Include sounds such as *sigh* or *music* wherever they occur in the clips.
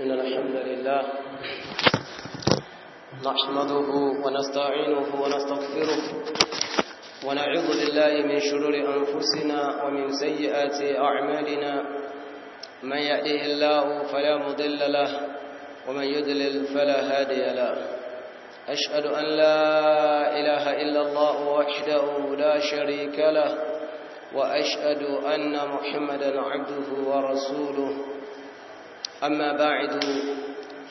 إن الحمد لله نحمده ونستعينه ونستغفره ونعوذ بالله من شرور أنفسنا ومن سيئات أعمالنا من يأله الله فلا مضل له ومن يدلل فلا هادي له أشهد أن لا إله إلا الله وحده لا شريك له وأشهد أن محمدا عبده ورسوله أما بعد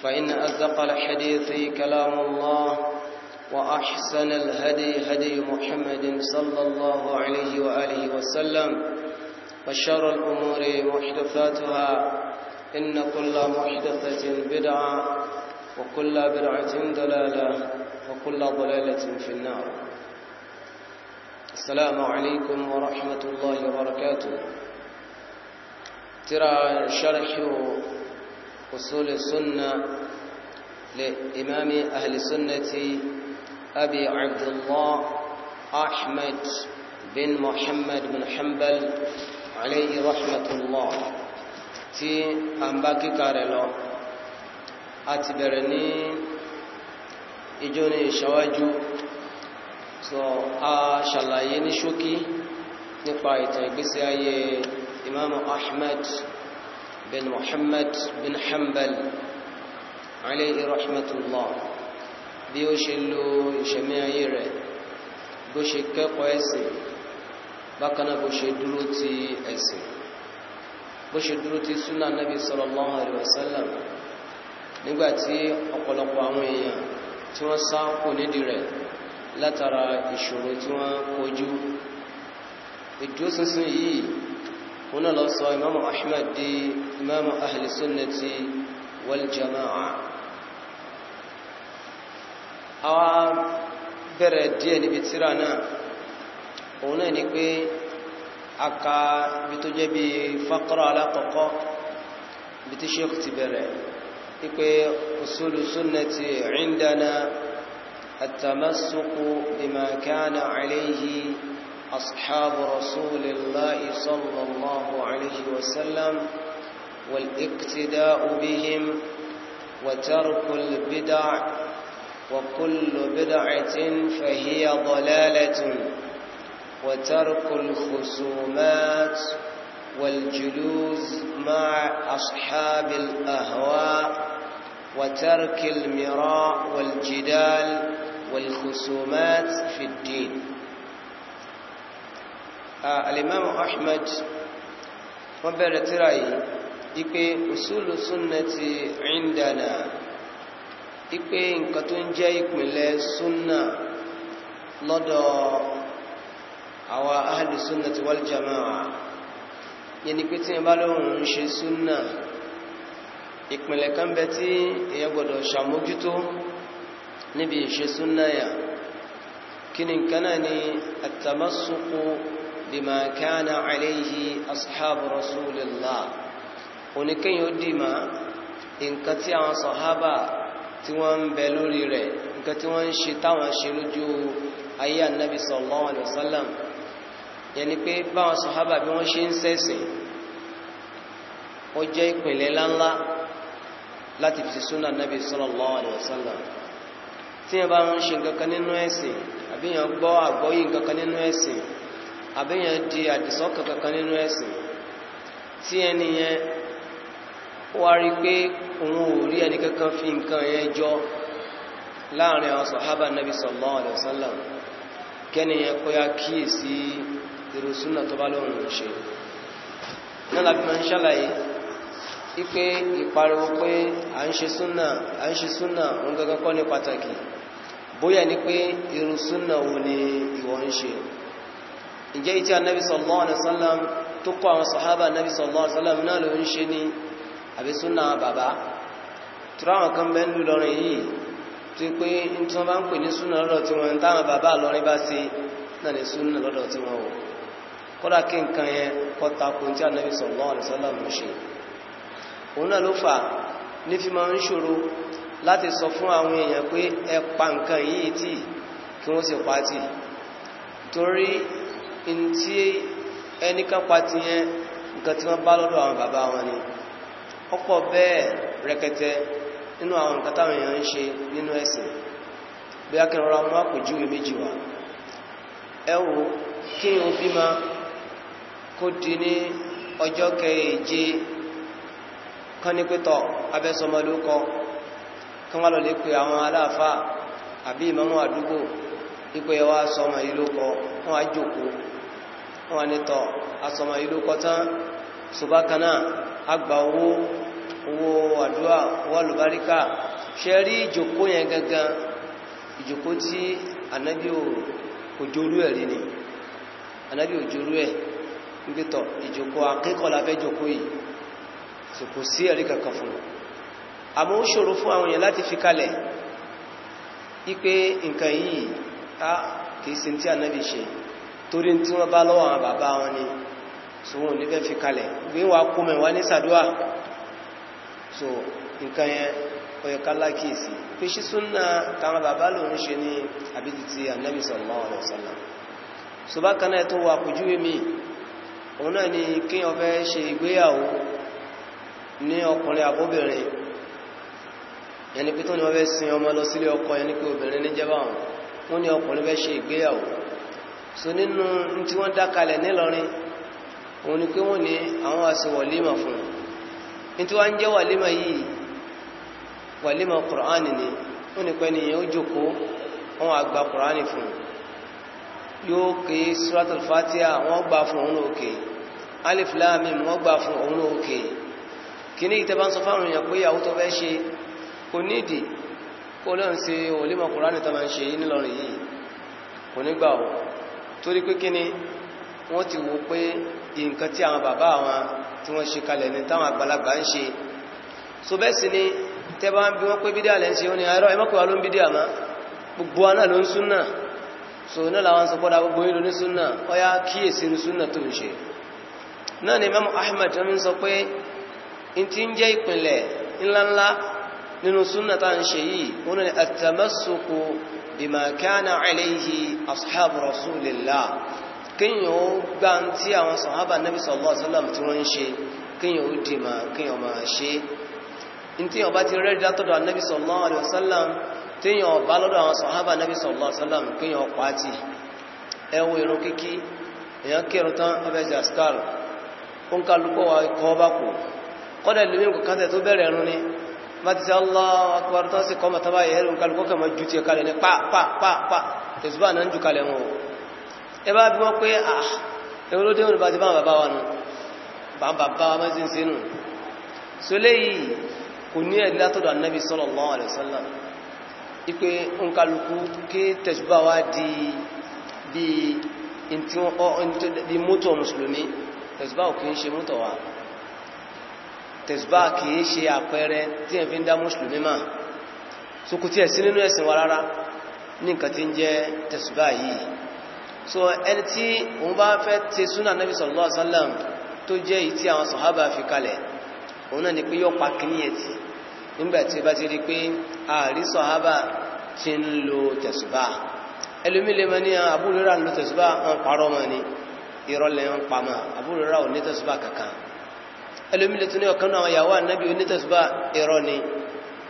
فإن أصدق الحديث كلام الله وأحسن الهدي هدي محمد صلى الله عليه وآله وسلم وشر الأمور محدثاتها إن كل محدثة بدعة وكل بدعة دلالة وكل ضلالة في النار السلام عليكم ورحمة الله وبركاته ترى شرح أصول السنة لإمام أهل السنة أبي عبد الله أحمد بن محمد بن حنبل عليه رحمة الله تي أمباكي كارلو أتبرني إجوني شواجو. so a ṣàlàyé ní ṣókí nípa ìtàn ìgbésí ayé imamu ahmed بن محمد بن حنبل عليه رحمة الله bí ó ṣe lo ìṣẹ̀mí ayé rẹ̀ bó ṣe kẹ́kọ̀ọ́ ẹ̀sìn bákan náà bó ṣe dúró ti ẹ̀sìn bó ṣe dúró ti súnà nábì sallallahu alaihi wasallam nígbàtí ọ̀pọ̀lọpọ̀ àwọn èèyàn tí wọ́n sá kò nídìí rẹ̀ látara ìṣòro tí wọ́n kojú ìdúróṣinṣin yìí wọn náà lọ sọ imamu ahmed di imamu ahli sunnati wal jama'a àwa bẹ̀rẹ̀ díẹ̀ níbi tíra náà òun náà ni pé a ka ibi tó jẹ́ bí sheikh ti bẹ̀rẹ̀ wípé usulu sunnati indana التمسك بما كان عليه أصحاب رسول الله صلى الله عليه وسلم والاقتداء بهم وترك البدع وكل بدعة فهي ضلالة وترك الخصومات والجلوس مع أصحاب الأهواء وترك المراء والجدال والخصومات في الدين alimamu ahmed wọ́n bẹ̀rẹ̀ tíra yìí ipe usulu sunnati indana ipe nǹkan tó ń jẹ́ ìpìnlẹ̀ sunna lọ́dọ̀ àwa ahlu sunnati wal jamaa yẹn ni pé tí wọ́n bá lóhùn ń ṣe sunna ìpìnlẹ̀ kan bẹ tí èèyàn gbọ́dọ̀ ṣàmójútó níbi ìṣe sunna yà kí ni nǹkan náà ni àtàmásùkú بما كان عليه أصحاب رسول الله ونكن يدما إن كتيا صحابة تيوان بلوري ري إن كتيوان شتاوان شلجو أي النبي صلى الله عليه وسلم يعني كي با صحابة بيوان شين سيسي وجاي كميلان لا لا تفسي سنة النبي صلى الله عليه وسلم tí ẹ bá ń ṣe nǹkan kan nínú ẹ̀sìn àbí yàn gbọ́ àgbọ́yé nǹkan kan nínú ẹ̀sìn àbíyàn di àdìsọ́kàn kankan nínú ẹ̀sìn tí ẹni yẹn wá rí pé òun ò rí ẹni kankan fi nǹkan yẹn jọ láàrin àwọn sọ̀hábà nàbí sallallahu alaihi kẹ́ni yẹn kó yá kíyèsí irú súnà tó bá lóhun ṣe náà máa ń ṣàlàyé wípé ìpariwo pé à ń ṣe súnà à ń ṣe súnà òun gangan kọ́ ní pàtàkì bóyá ni ǹjẹ́ ìtí annabi sallallahu alaihi wasallam tó kọ àwọn sahaba annabi sallallahu alaihi wasallam náà ló ń ṣe ní àbí súnà bàbá tura àwọn kan bẹ́ ń lù lọ́rin yìí tó pé n tí wọ́n bá ń pè ní súnà lọ́dọ̀ tí wọ́n táwọn bàbá lọ́rin bá ṣe náà ní súnà lọ́dọ̀ tí wọ́n wò kódà kí nǹkan yẹn kọ́ tako tí annabi sallallahu alaihi wasallam ń ṣe òun náà ló fà ní fi máa ń ṣòro láti sọ fún àwọn èèyàn pé ẹ pa nǹkan yìí tì kí wọ́n sì pa tì torí in tí ẹnìkan pa ti yẹn nǹkan tí wọ́n bá lọ́dọ̀ àwọn bàbá wọn ni ọ̀pọ̀ bẹ́ẹ̀ rẹ̀kẹ̀tẹ̀ nínú àwọn nǹkan táwọn èèyàn ń ṣe nínú ẹ̀sìn bí akẹ́rọra mú àpèjúwe méjì wá ẹ wo kí n bímọ kó di ní ọjọ́ keje kan ní pẹ́tọ̀ abẹ́sọmọlúkọ kan wá lọ lè àwọn aláàfáà àbí ìmọ̀mọ́ àdúgbò ipò ẹwà sọmọ ìlú kọ fún àjòkó wọn ni tọ asọmọ ìlú kọtán ṣùgbákaná àgbà owó owó àdúrà owó àlùbáríkà ṣe rí ìjòkó yẹn gangan ìjòkó tí ànábì òjòrú ẹ̀ rí ni ànábì òjòrú ẹ̀ níbi tọ ìjòkó akẹ́kọ̀ọ́ la fẹ́ jòkó yìí kò sí ẹ̀rí kankan fún un ṣòro fún àwọn èèyàn láti fi kalẹ̀ ipe nǹkan yìí a kìí sin tí ànábì ṣe torí tí wọ́n bá lọ́wọ́ àwọn bàbá wọn ni so wọn ò ní fẹ́ fi kalẹ̀ gbé wa kó mẹ́ wá ní sàdúà so nǹkan yẹn ọyọ kálá kíyèsí pé ṣí súnà táwọn bàbá lòun ṣe ni kéèyàn fẹ́ ṣe ìgbéyàwó ní ọkùnrin àbóbìnrin yẹn ni pé tó ní wọ́n fẹ́ sin ọmọ lọ sílé ọkọ yẹn ni ọkùnrin fẹ́ ṣe ìgbéyàwó so nínú tí wọ́n dákalẹ̀ nílọrin òun ni pé wọ́n ní àwọn àṣẹ wàlímà fún un tí wọ́n ń jẹ́ wàlímà yìí wàlímà kùránì ni wọ́n ní pé nìyẹn ó jókòó wọ́n àgbà kùránì fún un yóò ké suratul fatiha wọ́n gbà fún òun òkè alif lam mim wọ́n gbà fún òun òkè kíní ìtẹ́bá ń sọ fáwọn èèyàn pé ìyàwó tó fẹ́ ṣe kò nídìí kó lóun ṣe wàlímà kùránì tó máa ń ṣe yìí nílọrin yìí kò ní gbà wọ́n torí pé kí ni wọ́n ti wò pé nǹkan tí àwọn bàbá àwọn tí wọ́n ṣe kalẹ̀ ní táwọn àgbàlagbà ń ṣe so bẹ́ẹ̀ sì ni tẹ́bá ń bí wọ́n pé bídíà lẹ́ ń ṣe ó ní ẹ̀rọ ẹmọ́kùnwà ló ń bídíà má gbogbo aná ló ń súnà so náà làwọn sọ pọ́dà gbogbo yìí ló ní súnà ọya kíyèsí ní súnà tó ń ṣe náà ni mẹ́mọ́ Ahmed ń sọ pé n ti ń jẹ́ ìpìnlẹ̀ ńláńlá nínú súnà tá à ń ṣe yìí ó ní at بما كان عليه أصحاب رسول الله كن يوبان تي أو صحابة النبي صلى الله عليه وسلم تونشي كن يودما كن يوماشي انتي يوباتي رد لاتدو النبي صلى الله عليه وسلم تين يوبا لدو أو صحابة النبي صلى الله عليه وسلم كن يوقاتي ẹwọ ìrún kíkí èyàn kírun tán ọbẹ̀sẹ̀ àsìkárù ó ń kálukọ́ wa ikọ̀ ọba kù kọ́dẹ̀ lómi kò kátẹ̀ tó bẹ̀rẹ̀ ẹ̀rún ni bá ti sẹ́ Allahu Akbar tó sì kọ́ mọ̀tàbá ẹ̀rù kálukọ́ kà máa ju ti kalẹ̀ ní pàápàá tẹ̀síbà náà ń ju kalẹ̀ wọn o ẹ bá bí wọ́n pé à ah, ah, ẹ̀rọ ló dé wọn bá ti bá bàbá wa nù bàbá wa máa ti ń sínú so léyìí kò ní ẹ̀dí látọ̀dọ̀ Ànábì sallallahu tẹ̀síbá kìí ṣe àpẹẹrẹ tí ẹ̀ fi ń dá mùsùlùmí mà sókú tí ẹ̀ sí nínú ẹ̀sìn wa rárá ní nǹkan tí ń jẹ́ tẹ̀síbá yìí so ẹni tí òun bá fẹ́ ti súnà nàbì sallallahu alaihi wasallam tó jẹ́ èyí tí àwọn sàhábà fi kalẹ̀ òun náà ni pa kìíní ẹ̀ tì lo tẹ̀síbá ẹlòmí lè Abu Hurairah lo tẹ̀síbá ń parọ́ mọ́ ni ìrọ̀lẹ́ Abu Hurairah ò ní tẹ̀síbá kankan ẹlòmílẹ̀ tó ní ọ̀kan náà yàwó ànábì onítẹ̀síbá ẹ̀rọ ni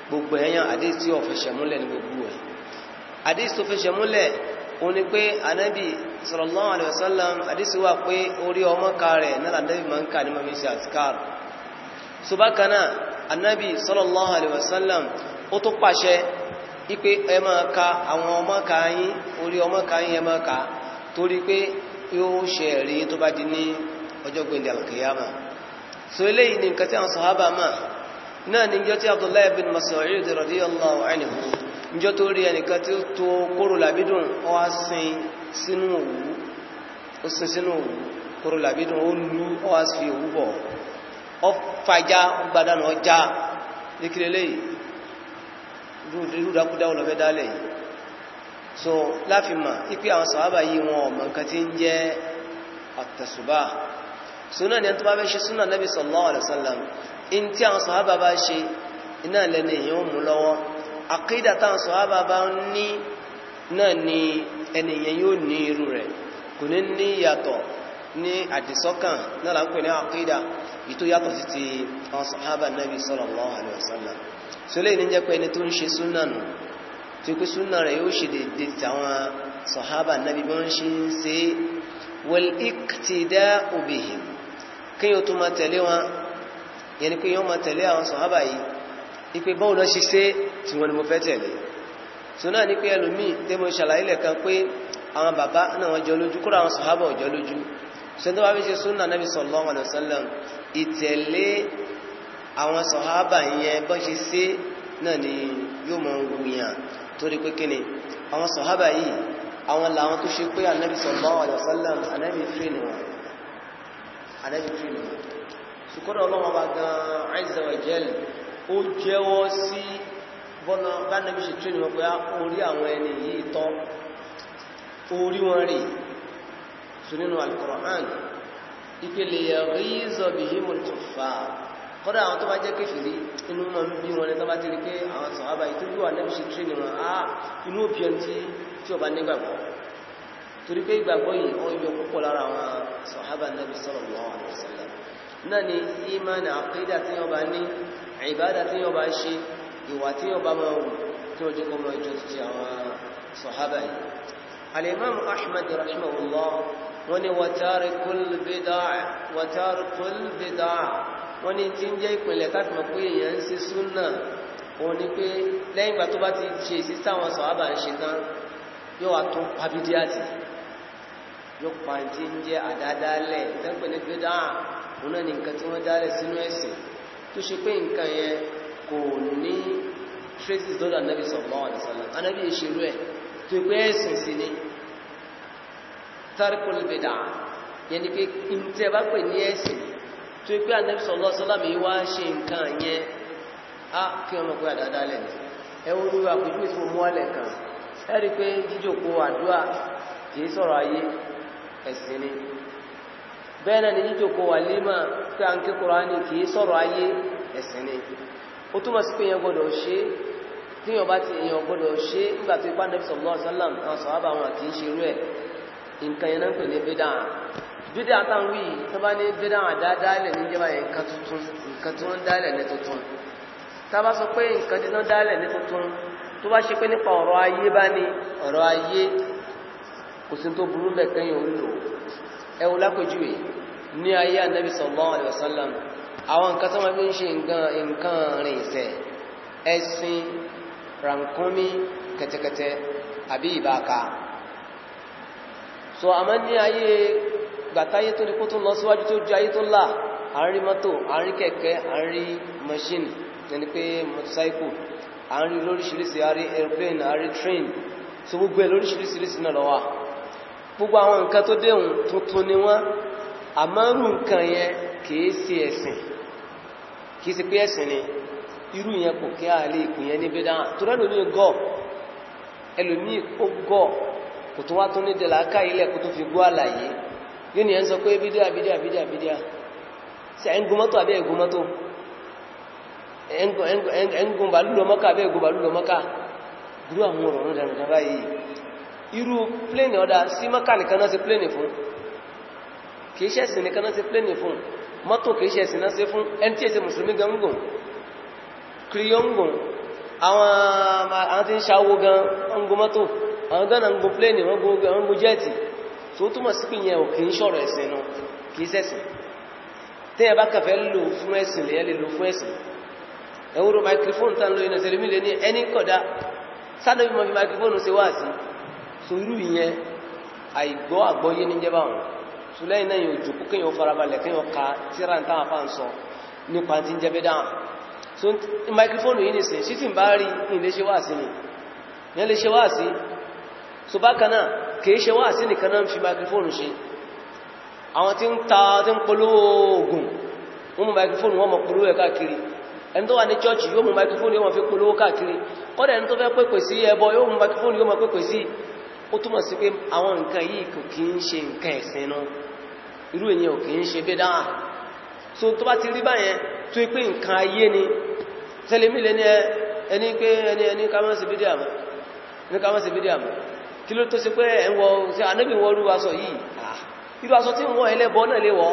gbogbo ẹ̀yàn àdéhìí tí ó fẹsẹ̀ múlẹ̀ ní gbogbo ẹ̀ àdéhìí tó fẹsẹ̀ múlẹ̀ o ní pé ànábì sallallahu alaihi wasallam àdéhìí wà pé orí ọmọ ká rẹ̀ náà ànábì máa ń kà ní mọ̀mí sí sallallahu alaihi wasallam ó tó pàṣẹ ipe ẹ ka àwọn ọmọ ká yín orí ọmọ ká yín ka torí pé yóò ṣe ẹ̀rí tó bá di ní ọjọ́ gbẹ̀ndẹ̀ so eléyìí ni nǹkan tí àwọn sọ̀hábà máa náà ni ìjọ tí Abdullahi bin Mas'ud radiyallahu anhu ìjọ tó rí ẹnìkan tí ó tó kóró làbídùn ó wá sin sínú òwú ó sin sínú òwú kóró làbídùn ó lú ó wá fi òwú bọ̀ ó fàjá gbadánù ọjà lékiri eléyìí rúdàkúdà olùfẹ́ dálẹ̀ yìí so láfi mà ipe àwọn sọ̀hábà yìí wọn ọmọ nǹkan tí ń jẹ́ àtẹ̀sùbà súnà ni ẹni tó bá fẹ́ ṣe súnà Nabi sallallahu alaihi wasallam in tí àwọn sọ̀hábà bá ṣe iná lẹ́nu èèyàn mú lọ́wọ́ àkídà táwọn sọ̀hábà bá ń ní náà ni ẹnìyẹn yóò ní irú rẹ̀ kò ní ní yàtọ̀ ní àdìsọ́kàn náà là ń pè ní àkídà ìtò yàtọ̀ ti àwọn sọ̀hábà Nabi sallallahu alaihi wasallam sọlẹ́ ní jẹ́ pé ẹni tó ń ṣe súnà nù tí pé súnà rẹ̀ yóò ṣe dédé àwọn sọ̀hábà Nabi bí wọ́n ṣe wal iqtida'u bihim kí yóò tún máa tẹ̀lé wọn yẹn ni pé yóò máa tẹ̀lé àwọn sọ̀hábà yìí ipe báwo náà ṣe ṣe tí wọn ni mo fẹ́ tẹ̀lé so náà ni pé ẹlòmíì tí mo ṣàlàyé lẹ́ẹ̀kan pé àwọn bàbá náà wọ́n jọ lójú kúrò àwọn sọ̀hábà ò jọ lójú so bá fi ṣe súnà nàbí sallallahu alaihi wasallam ìtẹ̀lé àwọn sọ̀hábà yẹn bọ́ ṣe ṣe náà ni yóò mọ wuyàn torí pé kíni àwọn sọ̀hábà yìí àwọn làwọn tó ṣe pé ànábì sallallahu alaihi wasallam ànábì fèlè wọn àlẹ́bí kí ni ṣùkọ́dọ̀ ọlọ́wọ́ bá gan azza wa jal ó jẹ́wọ́ sí bọ́nà bánàbí ṣe tí wọ́n pé á ah, orí àwọn ẹni yìí tọ́ orí wọn rí sọ nínú al-Qur'an ìpele yaghiza bihimul kuffar kọ́dọ̀ àwọn tó bá jẹ́ kéfìrí inú ma bí wọn ní tọ́bá ti rí pé àwọn sọ̀hábà ìtúrú àlẹ́bí ṣe tí wọ́n á ah, inú òbí tí ọba nígbàgbọ́ torí pé ìgbàgbọ́ yìí ó yọ púpọ̀ lára àwọn sọ̀hábà nàbí sallallahu alaihi wasallam náà ni ìmánì àkídà tí wọ́n bá ní ìbádà tí wọ́n bá ṣe ìwà tí wọ́n bá máa wù tí wọ́n jẹ́ kó mọ ìjọ ti àwọn sọ̀hábà yìí alimami ahmed rahimahullah wọ́n ni watarikul bid'ah watarikul bid'ah wọ́n ni tí ń jẹ́ yóò wà tó pàbídíàtì yóò pa tí ń jẹ́ àdádálẹ̀ ìdẹ́pẹ̀ ní gbédá òun náà ni nǹkan tí wọ́n dálẹ̀ sínú ẹ̀sìn tó ṣe pé nǹkan yẹn kò ní traces lọ́dọ̀ anábì sallallahu alaihi wasallam anábì ìṣerú ẹ̀ tó pé ẹ̀sìn sí ni tarikul bid'a yẹn ni pé tí ẹ bá pè ní ẹ̀sìn tó pé anábì sallallahu alaihi wasallam yìí wá ṣe nǹkan yẹn á kí ọmọ pé àdádálẹ̀ ni ẹ wo ní àpèjúwe tí mo mú alẹ̀ kan ẹ rí i pé jíjòkó àdúrà kì í sọ̀rọ̀ ayé ẹ̀sìn ni bẹ́ẹ̀ náà ni jíjòkó wàlímà pé à ń ké Kùránì kìí sọ̀rọ̀ ayé ẹ̀sìn ni ó túmọ̀ sí pé èèyàn gbọ́dọ̀ ṣe tí èèyàn bá ti èèyàn gbọ́dọ̀ ṣe nígbà tó ipá nẹ́bí sọ̀rọ̀ sálàm àwọn sọ̀hábà wọn kìí ṣe irú ẹ̀ nǹkan yẹn náà ń pè ní bídà tó bá ṣe pé nípa ọ̀rọ̀ ayé bá ní ọ̀rọ̀ ayé kò sí tó burú bẹ̀ kẹ́yìn orílò ẹwù lápẹjúwe ní ayé ànábì sallallahu alaihi wasallam àwọn nǹkan tó wọ́n fi ń ṣe nǹkan rìn ìsẹ̀ ẹṣin rànkúnmí kẹtẹkẹtẹ àbí ìbáka so àmọ́ ní ayé gbàtáyé tó ní kó tó lọ síwájú tó ju ayé tó là àárín mọ́tò àárín kẹ̀kẹ́ àárín mọ́ṣínì yẹni pé mọ́tòsáíkù àárín lóríṣiríṣi àárín airplane àárín train so gbogbo ẹ̀ lóríṣiríṣiríṣi náà lọ́wọ́ gbogbo àwọn nǹkan tó déhùn tuntun ni wọ́n àmọ́rù nǹkan yẹn kìí ṣe ẹ̀sìn kìí ṣe pé ẹ̀sìn ni irú yẹn kò kí a lè pè yẹn níbi dáhà tó rẹ́lò ní gọ́ ẹlòmí ó gọ́ kò tó wá tó ní dẹ̀là ká ilẹ̀ kò tó fi gbọ́ àlàyé yóò ní ẹ̀ ń sọ pé bídíà bídíà bídíà bídíà sí ẹ̀ àwọn ọ̀rọ̀ ọ̀rọ̀ dànù irú pléènì ọ̀dá sí mọ́kà nìkan náà sí pléènì fún kìí ṣẹ̀sìn nìkan náà sí pléènì fún mọ́tò kìí ṣẹ̀sìn náà sí fún ẹni tí èsì mùsùlùmí gangun kìrìyọ́ngun àwọn tí ń ṣàwó gan ọgbọ́n mọ́tò àwọn gánà ń gun pléènì wọ́n gun jẹ́ẹ̀tì tó túmọ̀ sí pìyẹn ò kìí ṣọ̀rọ̀ ẹ̀sìn nu kìí ṣẹ̀sìn tí ẹ bá kàfẹ́ lò fún ẹ̀sìn so irú ìyẹn àìgbọ́ àgbọ́yé ní jẹ́ báwọn sùlẹ́yìn náà yóò jòkó kéèyàn farabalẹ̀ kéèyàn ka tíra ń táwọn afá ń sọ nípa tí ń jẹ́ bẹ́dà so microphone yìí nìsín sí tí ń bá rí ní lè ṣe wá sí ni ní lè ṣe wá sí so bákan náà kìí ṣe wá sí nìkan náà ń fi microphone ṣe àwọn tí ń ta tí ń polówó oògùn wọ́n mú microphone wọ́n mọ̀ polówó ẹ̀ káàkiri ẹni tó wà ní chọ́ọ̀chì yóò mú microphone yóò mọ̀ fi polówó káàkiri kọ́dà ẹni tó fẹ́ pèpè sí ẹbọ yóò mú microphone yóò mọ̀ pèpè sí ó túmọ̀ sí pé àwọn nǹkan yìí kò kí ń ṣe nǹkan ẹ̀sìn náà irú èyàn ò kí ń ṣe bídá so tó bá ti rí báyẹn tó pé nǹkan ayé ni tẹlẹmílẹ ní ẹni pé ẹni ẹni kámọ́sí bídá mọ́ ní kámọ́sí bídá mọ́ kí ló tó sí pé ẹwọ sí anábì wọ́n rú aṣọ yìí irú aṣọ tí wọ́n ẹlẹ́bọ náà lè wọ̀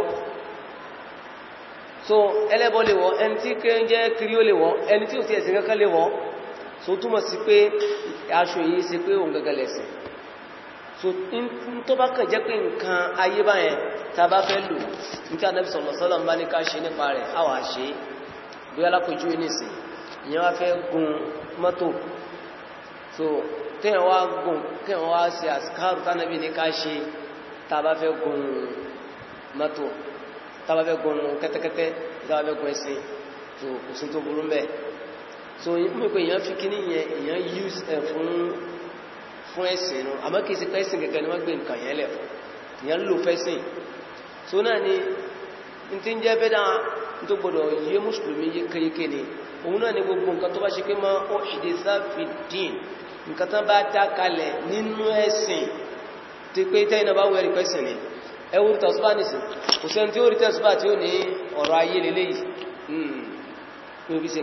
so ẹlẹ́bọ lè wọ̀ ẹni tí kẹ́ ń jẹ́ kiri ó lè wọ̀ ẹni tí ò sí ẹ̀sìn kankan lè wọ̀ so túmọ̀ sí pé aṣọ yìí ṣe pé òun gẹ́gẹ́ lẹ̀sìn so tó bá kàn jẹ́ pé nǹkan ayé báyẹn ta bá fẹ́ lò nígbà Ànábì sallallahu alaihi wasallam bá ní ká ṣe nípa rẹ̀ a wà ṣe bí alákojú nìsín ìyẹn wá fẹ́ gun mọ́tò so téèyàn wá gun kéèyàn wá ṣe àsìkáàrù tánàbí ní ká ṣe ta bá fẹ́ gun mọ́tò ta bá fẹ́ gun kẹ́tẹ́kẹ́tẹ́ ta bá fẹ́ gun ẹṣin so kò sí tó burú mẹ́ so mú pé èèyàn fi kíní yẹn èèyàn use ẹ̀ fún fún ẹ̀sìn inú àmọ́ kìí sí pẹ́sìn gẹ́gẹ́ ni wọ́n gbé nǹkan yẹn lẹ̀ fún ìyẹn lò fẹ́sìn tó náà ni n ti ń jẹ́ bẹ́dà tó gbọdọ̀ yé mùsùlùmí yékéyéké ni òun náà ni gbogbo nǹkan tó bá ṣe pé máa ó ṣìdè sáfìdín nǹkan tán bá dá kalẹ̀ nínú ẹ̀sìn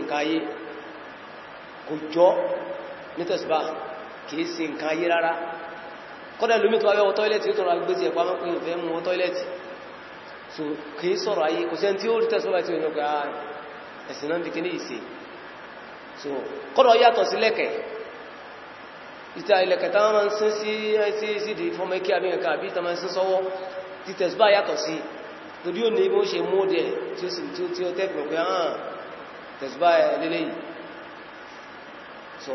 ni ẹ kìí ṣe nǹkan ayé rárá kọ́dẹ̀ lómi tó wáyé ọ̀tọ́ìlẹ̀tì ó tọrọ agbésí ẹ̀kọ́ amẹ́kùnrin fẹ́ mú ọ̀tọ́ìlẹ̀tì so kìí sọ̀rọ̀ ayé kò sẹ́ni tí ó rí tẹ́sọ́lá tí ó yọ pé ah, ẹ̀sìn náà bìkí ní ìṣe so kọ́dọ̀ yàtọ̀ sí lẹ́kẹ̀ ìta ilẹ̀kẹ̀ tá máa ń sín sí sí sí di fọmọ ikẹ́ àbí nǹkan àbí ìtàmà sín sọ́wọ́ ti tẹ̀sùbá yàtọ̀ sí torí ó ní bó ṣe mú ó dẹ̀ tí ó sì tí ó tẹ́gbẹ̀ẹ́ ah, so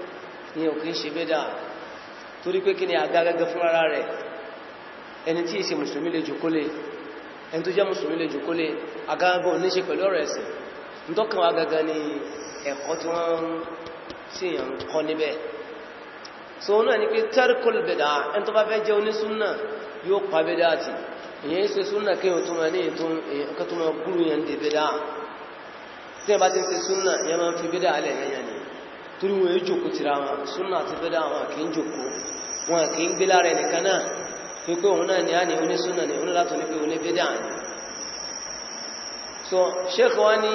ní òkè ṣe bẹ́dà torí pé kí ni àga gẹ́gẹ́ fún ara rẹ̀ ẹni tí ìṣe mùsùlùmí lè jòkólé ẹni tó jẹ́ mùsùlùmí lè jòkólé àga gẹ́gẹ́ ní ṣe pẹ̀lú ọ̀rọ̀ ẹ̀sìn nítọ́kàn gẹ́gẹ́ ni ẹ̀kọ́ tí wọ́n sì yàn kọ́ níbẹ̀ so náà ni pé tẹ́rìkùl bẹ̀dà ẹni tó bá fẹ́ jẹ́ onísúnnà yóò pa bẹ́dà àti ìyẹn ṣe súnnà kí òtún máa ní ìtún ọkọ̀ tó máa torí wọn yóò jòkó tira wọn súnà àti fẹ́dá wọn kì í jòkó wọn kì í gbé lára ẹnìkan náà pé pé òun náà ni a ní onísúnà ni onílàtọ̀ ní pé oníbẹ́dà ni so sheikh wa ni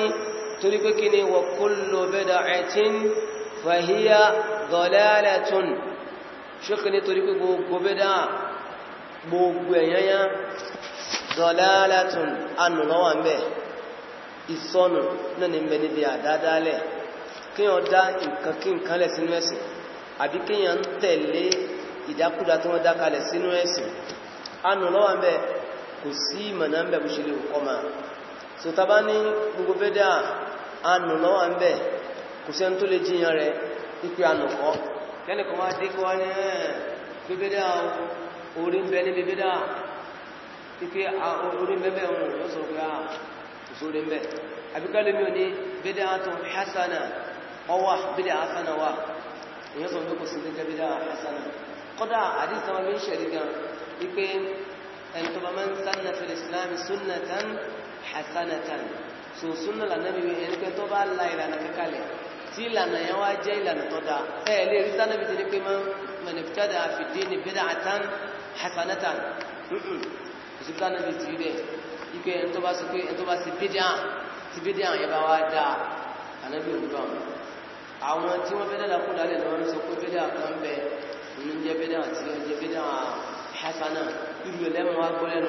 torí pé kí ni wa kullu bid'atin fa hiya dalalatun sheikh ni torí pé gbogbo bẹ́dà gbogbo ẹ̀yányá dalalatun anù ń bẹ̀ ìsọnù náà ni ń níbi àdádálẹ̀ kí wọ́n dá nǹkan kí nǹkan lẹ̀ sínú ẹ̀sìn àbí kí wọ́n tẹ̀lé tí wọ́n dá sínú ẹ̀sìn anù lọ́wà ń bẹ kò sí ìmọ̀nà ń bẹ ṣe lè kọ́ ma so ta bá ní gbogbo fẹ́dà anù lọ́wọ́ ń bẹ kò sẹ́n tó lè jíyàn rẹ ipe anù kọ́ a ọwà bídà hasana wà èyàn sọ pé kò sí gẹ́gẹ́ bídà hasana kọ́dà àdìsí àwọn méjì ṣẹ̀rí gan wípé ẹni tó bá máa ń sanna fil islam sunnatan hasanatan so sunna lànàbí wí ẹni pé tó bá la ìlànà kankalẹ̀ tí ìlànà yẹn wá jẹ́ ìlànà tó dáa ẹ lè rí sánàbí ti pé man ibtada fi dini bid'atan hasanatan kòsí sánàbí ti rí bẹ́ẹ̀ ipe ẹni tó bá sọ pé ẹni tó bá sì bídà sí bídà yẹn bá wá dáa ànábì òdúbà wọn àwọn tí wọ́n fẹ́ dẹ́dà kó dálẹ̀ lọ́wọ́ sọ pé bídà kan bẹ inú jẹ́ bídà tí ó jẹ́ bídà hasana ìlú ẹlẹ́mọ̀ agbọ́lẹ́nu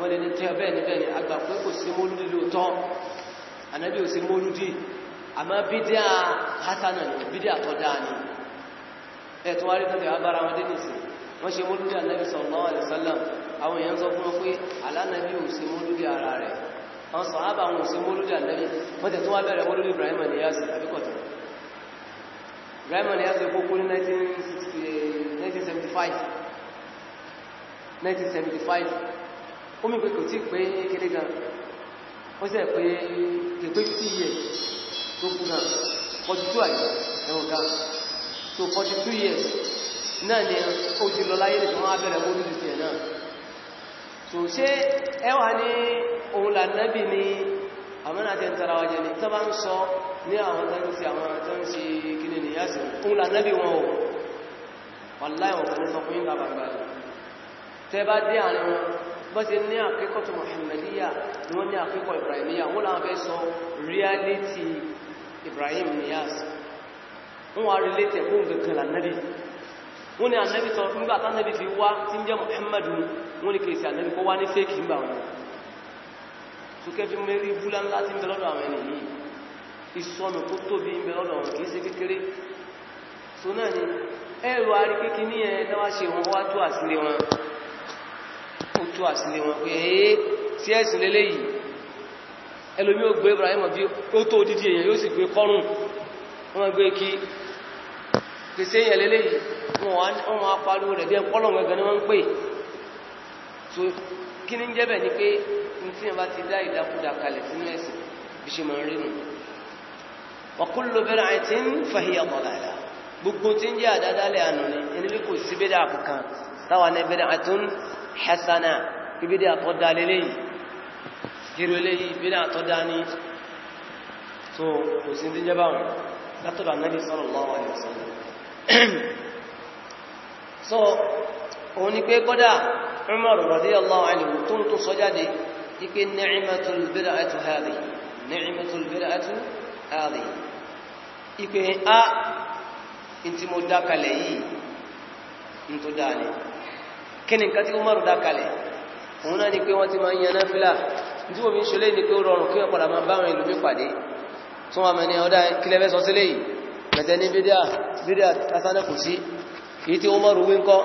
wọ́n lè ní tẹ́ bẹ́ẹ̀ ní bẹ́ẹ̀ ni àgbà pé kò sí mólúdì lóòótọ́ ànábì ò sí mólúdì àmọ́ bídà hasana ni bídà tó dáa ni ẹ̀ tó wá rí tó tẹ̀ wá bára wọn dé nìsín wọ́n ṣe mólúdì ànábì sallallahu alaihi wasallam àwọn èèyàn sọ fún wọn pé alánàbí ò sí mólúdì ara rẹ̀ wọ́n sọ ábà wọn ò sí mólúdì ànábì wọ́n tẹ̀ tó wá bẹ̀rẹ̀ mólúdì Ibrahim niyasi àbíkọ̀tẹ̀ Raymond has Niasse kókó ní 1975 1975 ó mú pé kò tí pé kéde gan ó sẹ́ pé kèpé tí yẹ tó kú gan 42 àyè ẹ̀wọ̀n gan so 42 years náà ni ó ti lọ láyé nìkan wọ́n bẹ̀rẹ̀ mọ́lú ti ẹ̀ náà so ṣé ẹwà ní òun lànàbì ni àmọ́nà àti ẹ̀ntara wájẹ́ ni tó bá ń sọ ní àwọn tó ń ṣe àwọn tó ń ṣe kíni ni yásì fún lànàbí wọn o wàláì wọn fún fún yínká bàbá rẹ̀ tẹ bá dé àárín wọn bọ́ ni wọ́n ní àkẹ́kọ̀ọ́ reality Ibrahim Niyas wọ́n wá relate ẹ̀kún kankan lànàbí wọ́n ni ànàbí sọ fún gbà tánàbí fi wá tí ń jẹ́ Muhammadu wọ́n ni kèsì ànàbí kó wá ní fake ń bà wọn sókè fi mérí búlá ńlá tí ń bẹ lọ́dọ̀ àwọn ẹni yìí ìsọnù tó tóbi ń bẹ lọ́dọ̀ àwọn kìí ṣe kékeré so náà ni ẹ̀rọ arí kékí ní ẹ̀ dáwà ṣe wọn wá tó àsìlẹ̀ wọn ó tó àsìlẹ̀ wọn pé èé sí ẹ̀sìn lélẹ̀ yìí ẹlòmí ó gbé Ibrahim bí ó tó dídí èèyàn yóò sì gbé kọ́rùn wọn gbé kí pèsè èèyàn lélẹ̀ yìí wọn wá pariwo rẹ̀ bí ẹ kọ́lọ̀ wọn gan ni wọ́n ń pè so kí ni ń jẹ́ bẹ̀ ni pé tí yẹn bá ti dá ìdákúdà kalẹ̀ sínú ẹ̀sìn bí ṣe máa ń rí nù. wa kullu bid'atin fahiya dalalah gbogbo tí ń jẹ́ àdádálẹ̀ àná ni ẹni bí kò sí bídà kankan táwa ní bid'atun hasana kí bídà tó dá lélẹ́yìn kíró lẹ́yìn bídà tó dá ní tó kò sí ní jẹ́ báwọn látọ̀dọ̀ Ànábì sallallahu alaihi wasallam so òun ni pé kọ́dà Umar radiyallahu anhu tó ń tó sọ jáde ike ni'matul bid'atu hadhihi ni'matul bid'atu hadhihi ike a ntí mo dákalẹ̀ yìí ń tó dáa ni kí ni nǹkan tí Umaru dákalẹ̀ òun náà ni pé wọ́n ti máa ń yan náfìlà tí wọ́n fi ń ni pé ó rọrùn kí wọ́n padà máa bá àwọn ìlúmí pàdé tí wọ́n mẹ́ni ọ̀dá kílẹ̀fẹ́ sọ sílé yìí mẹ́tẹ́ ní bídíà bídíà tásánà kù sí Umaru wí ń kọ́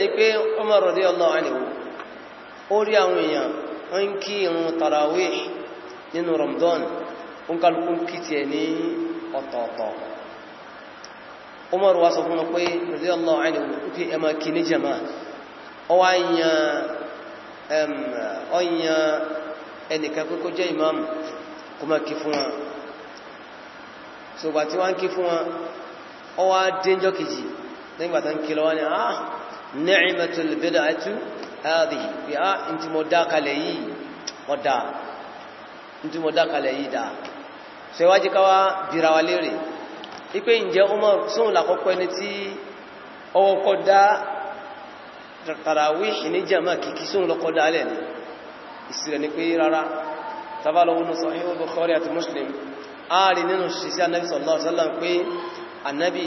ni pé Umaru radiyallahu anhu ó rí àwọn èèyàn ń kí irun tarawih nínú Ramadan ń kálukú ń kí tiẹ̀ ní ọ̀tọ̀ọ̀tọ̀ Umar wa sọ fún wọn pé radiyallahu anhu pé ẹ máa kí ní jama ọ wá yan ọyàn ẹnìkan pé kó jẹ́ imam kó máa kí ń kí fún wá dénjọ́ kejì nígbà tó ń kí áàdì pé á ah, ní tí mo dá kalẹ̀ yìí ọ̀dà ní tí mo dá kalẹ̀ yìí dà ṣẹwájú káwá bìíra wa lérè wípé ǹjẹ́ Umar sóhun làkọ́kọ́ ẹni tí ọwọ́ kọ́ dá ní jama kìkì sóhun lọ́kọ́ dálẹ̀ ni ìsìrẹ̀ ni pé rárá tabalọ́wọ́nù Sahih Bukhari Muslim ààrì nínú ṣiṣẹ́ anábì sallallahu alaihi wasallam pé anábì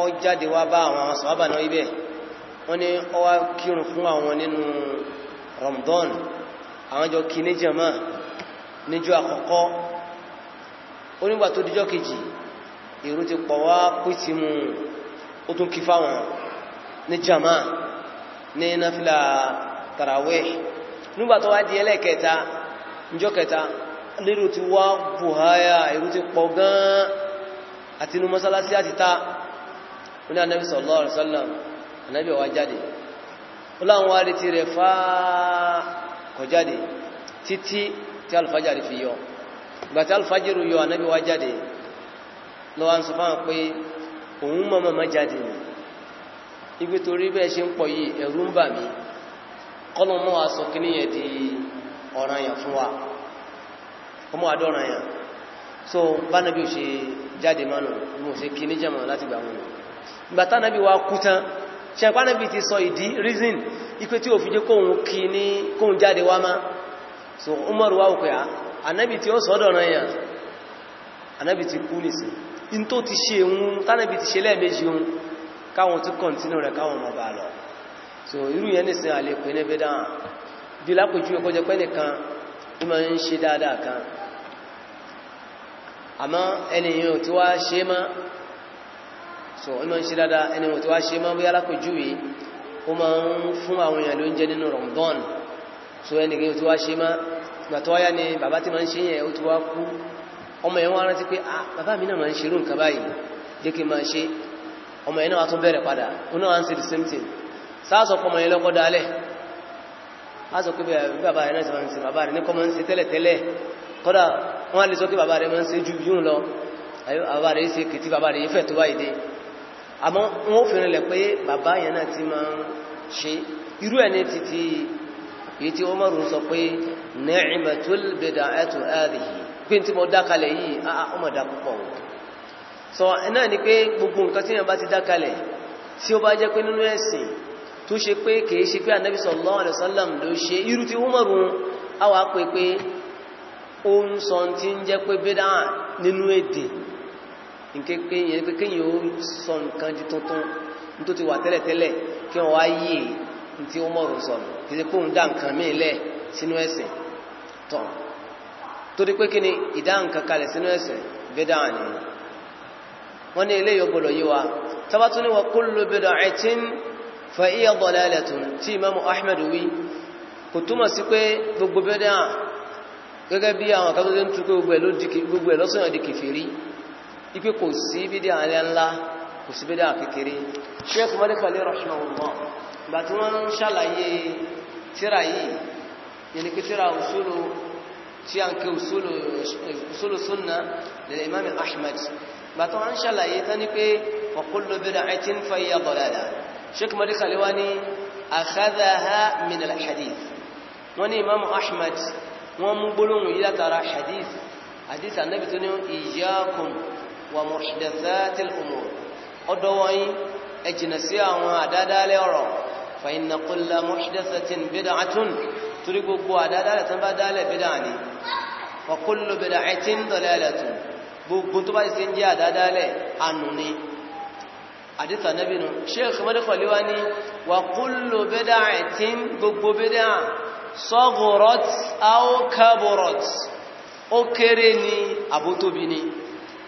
ọ jáde wá bá àwọn sọ̀hábà náà wọ́n ní ọwá kírun fún àwọn nínú Ramadan àwọn jọ kí ní jama níjọ àkọ́kọ́ onígbà tó díjọ́ kejì èrò ti pọ̀ wá pìtì mú ó tún kí fáwọn ní jama ní náfílà tarawih nígbà tó wá di ẹlẹ́ẹ̀kẹta níjọ́ kẹta lérò ti wá buhaya èrò ti pọ̀ gan-an mọ́sálásí àti ta oní Ànábì sallallahu alaihi ànábì ọwá jáde ó láwọn wá retí rẹ̀ fáá kọ jáde títí tí alfajari fi yọ ìgbà tí alfajari yọ ànábì wá jáde lọ́wọ́ ń sọ fáwọn pé òun mọ́mọ́ má jáde ni ibi torí bẹ́ẹ̀ ṣe ń pọ̀ yìí ẹ̀rù ń bà mí kọ́lọ̀ so bánabi ò ṣe jáde mánu mo ṣe kí níjàmọ̀ láti gbà wọn ìgbà tánabi wa kú tán ṣẹ̀kwánà bí ti sọ ìdí reason ipé ah, tí ó fi jẹ́ kóhun kí ní kóhun jáde wá má so umaru wá òkè anábi tí ó sọ́dọ̀ náà yà ti kú nìsí in tó ti ṣe ohun ti ṣe ohun káwọn so iru yẹn nìsín àlè pé ní bẹ́dà bí lápòjú ẹkọ́ jẹ́ pẹ́ nìkan kan ama ẹnìyàn wa so wọ́n máa ń ṣe dáadáa ẹni wọ́n ti wá ṣe máa ń bóyá lápèjúwe ó ń fún àwọn èèyàn lóúnjẹ nínú Ramadan so ẹni kí wọ́n ti wá ṣe máa ìgbà tó wáyá ni bàbá tí máa ń ṣe yẹn ó ti wá kú ọmọ yẹn wá rántí pé ah bàbá mi náà máa ń ṣe irú nǹkan báyìí jẹ́ kí ṣe ọmọ yẹn náà wá tún bẹ̀rẹ̀ padà ó náà wá ń ṣe the same thing sáàsọ pọmọ yẹn lọ́kọ́ dalẹ̀ á sọ pé bàbá rẹ̀ náà ti máa ń ṣe bàbá rẹ̀ ní kọ́ máa ń ṣe tẹ́lẹ̀tẹ́lẹ̀ kọ́dà wọ́n á lè sọ àmọ́ wọ́n fi rìnlẹ̀ pé bàbá yẹn náà ti máa ń ṣe irú ẹni títí èyí tí Umar sọ pé ni'matul bid'atu hadhihi pé tí mo dákalẹ̀ yìí á ọmọ dá púpọ̀ o sọ náà ni pé gbogbo nǹkan tí yẹn bá ti dákalẹ̀ tí ó bá jẹ́ pé nínú ẹ̀sìn tó ṣe pé kìí ṣe pé Ànábì sallallahu alaihi wasallam nkékè yẹn pé kéyìn ó sọ nǹkan di tuntun tó ti wà tẹ́lẹ̀tẹ́lẹ̀ kí wọ́n wá yí è tí ó mọ̀rọ̀ sọ̀rọ̀ kì í ṣe pé òun dá nǹkan míì lẹ̀ sínú ẹ̀sìn tán torí pé kí ni ìdá nǹkan kalẹ̀ sínú ẹ̀sìn bídà ni wọ́n ní eléyìí ó gbọ́dọ̀ yé wa tábàtún ní wa kullu bid'atin fa hiya dalalatun tí Imam Ahmad wí kò túmọ̀ sí pé gbogbo bídà gẹ́gẹ́ bí àwọn akẹ́kọ̀ọ́ tó ń tukọ̀ gbogbo ẹ̀ lọ́sọ̀rọ̀ di kèfèrí ipe kò sí bídí àlẹ́ ńlá kò sí bídí àkékeré Sheikh Malik Ali rahimahullah ìgbà tí wọ́n ń ṣàlàyé tíra yìí yẹni pé tíra usulu tí a ń ké usulu sunna lil Imam Ahmad ìgbà tí wọ́n ń ṣàlàyé tán ní pé wa kullu bid'atin fa hiya dalalah Sheikh Malik Ali wá ní akhadhaha min al-hadith wọ́n wa muhdathatil umur ọ̀dọ̀ wọ̀nyí ẹ jìnà sí àwọn àdádálẹ̀ ọ̀rọ̀ fa inna kulla muhdathatin bid'atun torí gbogbo àdádálẹ̀ tó bá dálẹ̀ bídà ni wa kullu bid'atin dalalatun gbogbo tó bá ti ń jẹ́ àdádálẹ̀ ní wa bídà sagurat aw kaburat ó kéré ni àbótóbi ni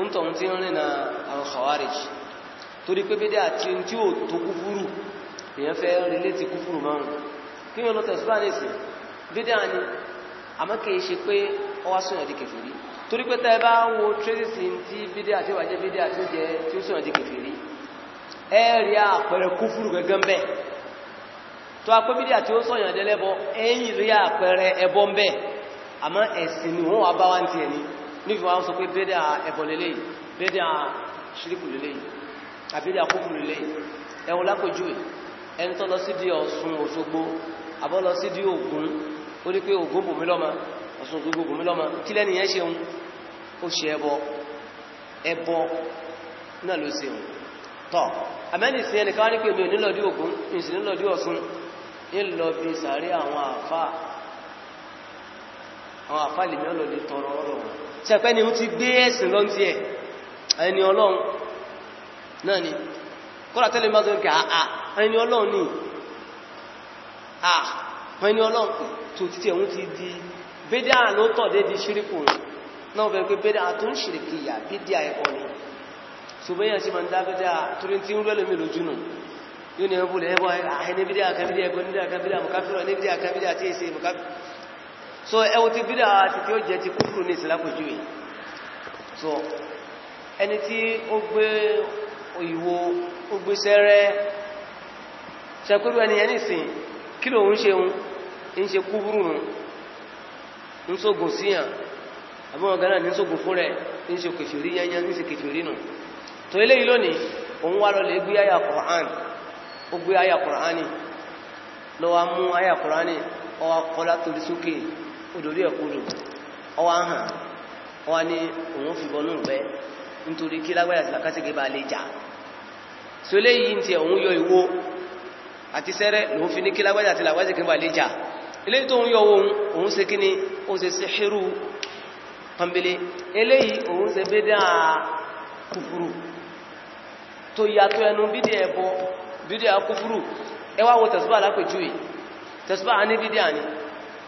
ń tọ̀hún tí ń rìn na àwọn khawarij torí pé bídẹ́ àti tí ó tó kúfúrù èèyàn fẹ́ rí létí kúfúrù márùn kí yóò lọ tẹ̀síwá nìsí bídẹ́ àní àmọ́ kìí ṣe pé ọ wá sọ̀yàn di kèfèrí torí pé tẹ́ bá ń wo tírésìsì tí bídẹ́ àti wàjẹ́ bídẹ́ àti ó jẹ tí ó sọ̀yàn di kèfèrí ẹ rí àpẹẹrẹ kúfúrù gẹ́gẹ́ ń bẹ̀ nífi wọ́n sọ pé bẹ́dà ẹbọ lélẹ̀ bẹ́dà ṣíríkù lélẹ̀ àbídà kúkù lélẹ̀ ẹwọ lápòjúwe ẹni tó lọ sí di Ọ̀ṣun Òṣogbo àbọ́ lọ sí di Ògùn ó ní pé Ògùn bòmí lọ́mọ Ọ̀ṣun Òṣogbo bòmí lọ́mọ kí lẹ́ni yẹn ṣeun ó ṣe ẹbọ ẹbọ náà ló ṣeun tọ́ àmẹ́ni sí ẹnìkan ní pé mi ò nílọ dí Ògùn mi àwọn àfà àwọn àfà lèmi tọrọ ọlọ́run tí ni ó ti gbé ẹ̀sìn lọ ti ẹ̀ ẹni ọlọ́run náà ni kọ́lá tẹ́lẹ̀ máa tó ń kẹ́ àà ẹni ọlọ́run ni àà ẹni ọlọ́run tó títí ẹ̀hún ti di bédà ló tọ̀ di ṣíríkù náà bẹ̀rẹ̀ pé bédà tó ń ṣìrìkì ìyà bédà ẹ̀kọ́ ni ṣùgbọ́n yẹn ti máa ń dá bédà torí tí ń rẹ́ lómi lójú nù yóò ní ẹ̀bùn ẹ̀bùn ẹ̀bùn ẹ̀bùn ẹ̀bùn ẹ̀bùn ẹ̀bùn ẹ̀bùn ẹ̀bùn ẹ̀bùn ẹ̀bùn ẹ̀bùn ẹ̀bùn ẹ̀bùn ẹ̀bùn ẹ̀bùn ẹ̀bùn ẹ̀bùn ẹ̀bùn so ẹwọ ti bídà àti tí ó jẹ́ ti kúrò ní ìsìlápòjú yìí so ẹni tí ó gbé òyìnwó ó gbé sẹ́rẹ́ ṣàpẹ́rù ẹni ẹni ìsìn kí ló ń ṣe ń ṣe kúrú nù ń sógun síyàn àbúrò gánà ní sógun fún rẹ̀ ń ṣe kèfèrí yányá ń ṣe kèfèrí nù tó eléyìí lónìí òun wá lọ gbé àyà Qur'an ó gbé àyà Qur'ani lọ́wọ́ mú àyà Qur'ani ọwọ́ kọlá torí sókè odòrí ẹ̀kúrò ọwá hàn ọwa ni òun fi bọnú rẹ nítorí kí lágbára sí làkásẹ̀gẹ́ bá lè jà so léyìí ti òun yọ ìwo àti sẹ́rẹ́ lòun fi ní kí lágbára bá lè jà tó ń yọ ohun òun kí ni ó ṣe sí ṣírú pàmbélé eléyìí òun ṣe bédà kúfúrú tó yàtọ̀ ẹnu bídí ẹ̀bọ bídí ẹwà wo tẹ̀síbà lápèjúwe tẹ̀síbà á ní bídí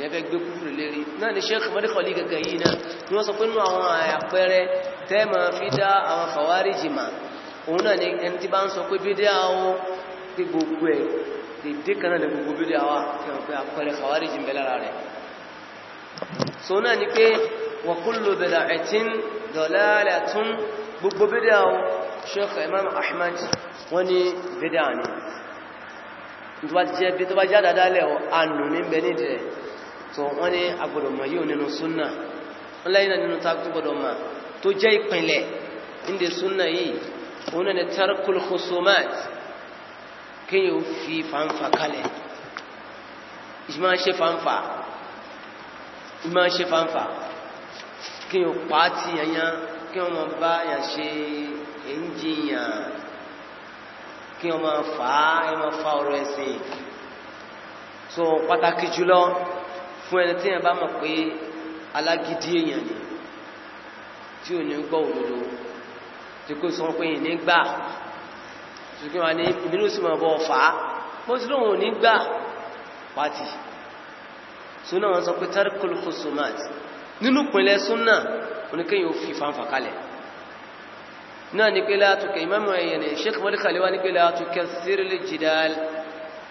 ní ẹgbẹ́ gbé kúrò lérí náà ni Sheikh Ahmad Khalil gẹ̀gẹ̀ yìí náà ni wọ́n sọ pé nínú àwọn àpẹẹrẹ tẹ́ ma fi dá àwọn fàwárí jìmà òun náà ni ẹni tí bá ń sọ pé bídé àwọn pé gbogbo ẹ̀ dédé kan náà ni gbogbo bídé àwa kẹwọn pé àpẹẹrẹ fàwárí jì mẹ́lá àwọn Sheikh Imam Ahmad wọ́n ni bídé àní tó bá jẹ́ bí tó bá jáde dálẹ̀ ànú ní bẹ́ẹ̀ nídìí so wọ́n ní agbọ́dọ̀ mọ̀ yóò nínú súnà wọ́n lẹ́yìn náà nínú tá a gbọ́dọ̀ mọ̀ tó jẹ́ ìpìnlẹ̀ níbi súnà yìí òun náà ni tarkul khusumat kéèyàn fi fanfa kalẹ̀ ìmọ̀ ṣe fanfa ìmọ̀ ṣe fanfa kéèyàn pàtì yanyan kéèyàn máa bá yàn ṣe ẹ̀ńjìyàn kéèyàn máa fà á ẹ̀ máa fa ọ̀rọ̀ ẹ̀sìn so pàtàkì jùlọ fún ẹni tí yẹn bá mọ̀ pé alágídí èèyàn ni tí ò ní gbọ́ òdodo tí kò sọ pé ìní gbà ṣùgbọ́n wà ní ìbínú sì mọ̀ bọ̀ fà á bó ti lóun ò ní gbà pàtì súnà wọn sọ pé tarikul khusumat nínú ìpínlẹ̀ súnà oníkéyìn ò fi fanfà kalẹ̀ náà ní pé látùkẹ́ ìmáàmù ẹ̀yẹn ní sheikh malik aliwa ní pé látùkẹ́ sírìlì jìdáàlì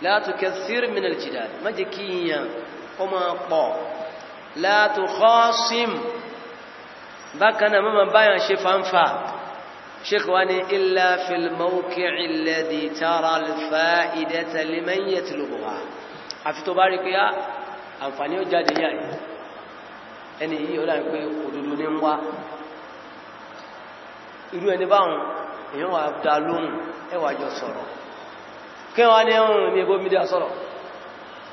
látùkẹ́ sírìmìnà jìdáàlì má jẹ́ kí yíyan kó máa pọ̀ látò kọ́sìm bákan náà mọ́mọ́ báyàn ṣe fanfa sheikh wa ni illa fil mawqi'i alladhi tara al-fa'idata liman yatlubuha àfi tó bá rí pé ah, àǹfààní ó jáde yá yìí ẹni yìí ó dáa pé òdodo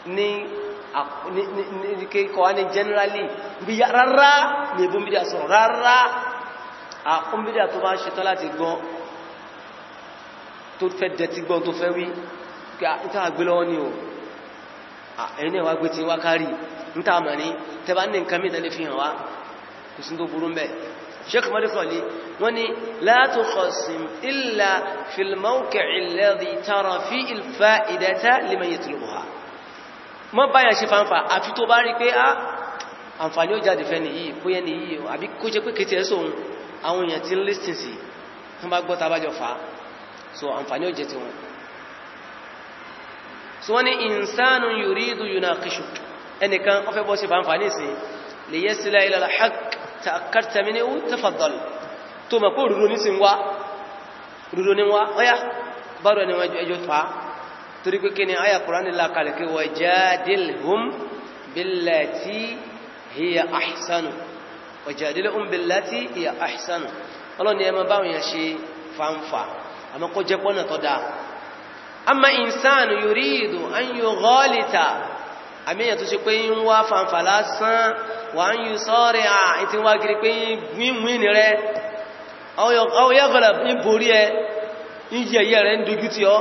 ní ń kíkọ́ ní generally bí i rárá ní ìbú mídíà sọ̀rọ̀ rárá àkún mídíà tó bá ṣetán láti gan tó fẹ́ dẹ̀tí gbọ́n tó fẹ́ wí níta àgbélọ́wọ́ ni o ẹni ẹ̀wà gbé ti wá kárí níta àmà ní tẹ́bá ní nǹkan mìíràn lè fi hàn wá kò sí tó burú mbẹ́ sheikh malikoli wọ́n ni la tuqasim illa fil mawqi'i alladhi tara fi al fa'idata liman yatlubuha mọ́ báyàn ṣe fanfà àfi tó bá rí pé á ah, àǹfààní ó jáde fẹ́ nìyí bóyá nìyí àbí kó jẹ́ pé kété ẹ̀ sóhun àwọn èèyàn ti ń lísìn sí wọ́n bá gbọ́ tabájọ fà á so àǹfààní ó jẹ́ tiwọn so wọ́n ní insanu yuridu yunaqishuk ẹnìkan ó fẹ́ bọ́ sí fanfà ní ìsìn lè yẹ sílẹ̀ ila al-haq ta'akkarta minhu tafaddal tó ni wọ́n ẹjọ́ torí pé kí ni àyà kùránì lákàlẹ̀ kí wa jadilhum billati hiya ahsanu wa jadilhum billati hiya ahsanu ọlọ́ni ẹ ma báwọn yẹn ṣe fanfa àmọ́ kó jẹ́ pọ́nà tó dáa amma insanu yuridu an yughalita àmìyàn tó ṣe pé ń wá fanfa lásán wà ń yí sọ́ọ̀rẹ̀ à ìtí wá gírí pé wíwín rẹ ọ̀yọ́gọ̀lẹ̀ ń borí ẹ ń yẹ̀yẹ́ ń dojú ti ọ́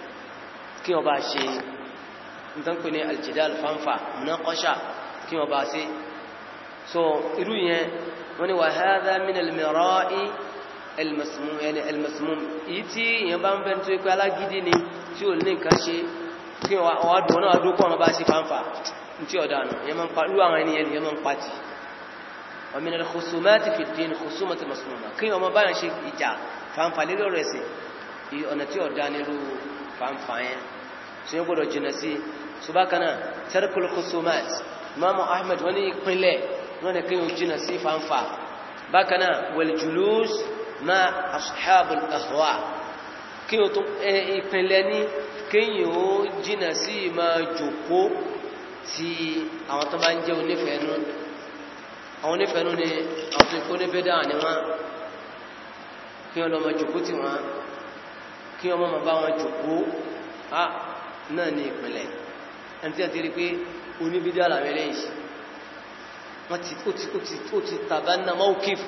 kí wọ́n bá ṣe nǹkan pé ní aljidal fanfa munaqasha kí wọ́n bá ṣe so irú yẹn wọ́n ni wa hadha min al-mira'i al-masmum yani al-masmum èyí tí èèyàn bá ń fẹ́ tó pé alágídí ni tí ò ní nǹkan ṣe kí wọ́n wá dùn náà dún kọ́ wọn bá ṣe fanfa ntí ọ̀dà nù ìyẹn máa ń pa irú àwọn ẹni yẹn máa ń pa tì wa min al-khusumati fi ad-din khusumati masmuma kí wọ́n bá yẹn ṣe ìjà fanfa lórí ọ̀rọ̀ ẹ̀sìn ọ̀nà tí ọ̀dà nílùú fàǹfà yẹn tí ó gbọ́dọ̀ jìnà sí ṣubákaná tarkul khusumat imamu ahmed wọ́n ní ìpínlẹ̀ wọ́n ní kíyàn jìnà sí fàǹfà bákaná wal julus ma ashabul ahwa kíyàn tó ìpínlẹ̀ ní kíyàn ó jìnà sí ma jòkó ti àwọn tó bá ń jẹ́ onífẹ̀ẹ́nu àwọn onífẹ̀ẹ́nu ni àwọn tó kó ní bẹ́dà kíyàn lọ ma jòkó ti wọ́n kí ọmọ ma bá wọn jòkó a ah, náà ní ìpìlẹ̀ ẹni tí a ti rí pé oníbídá làwọn eléyìí wọ́n ti ó ti ó ti ó ti tàbá ná máa kíf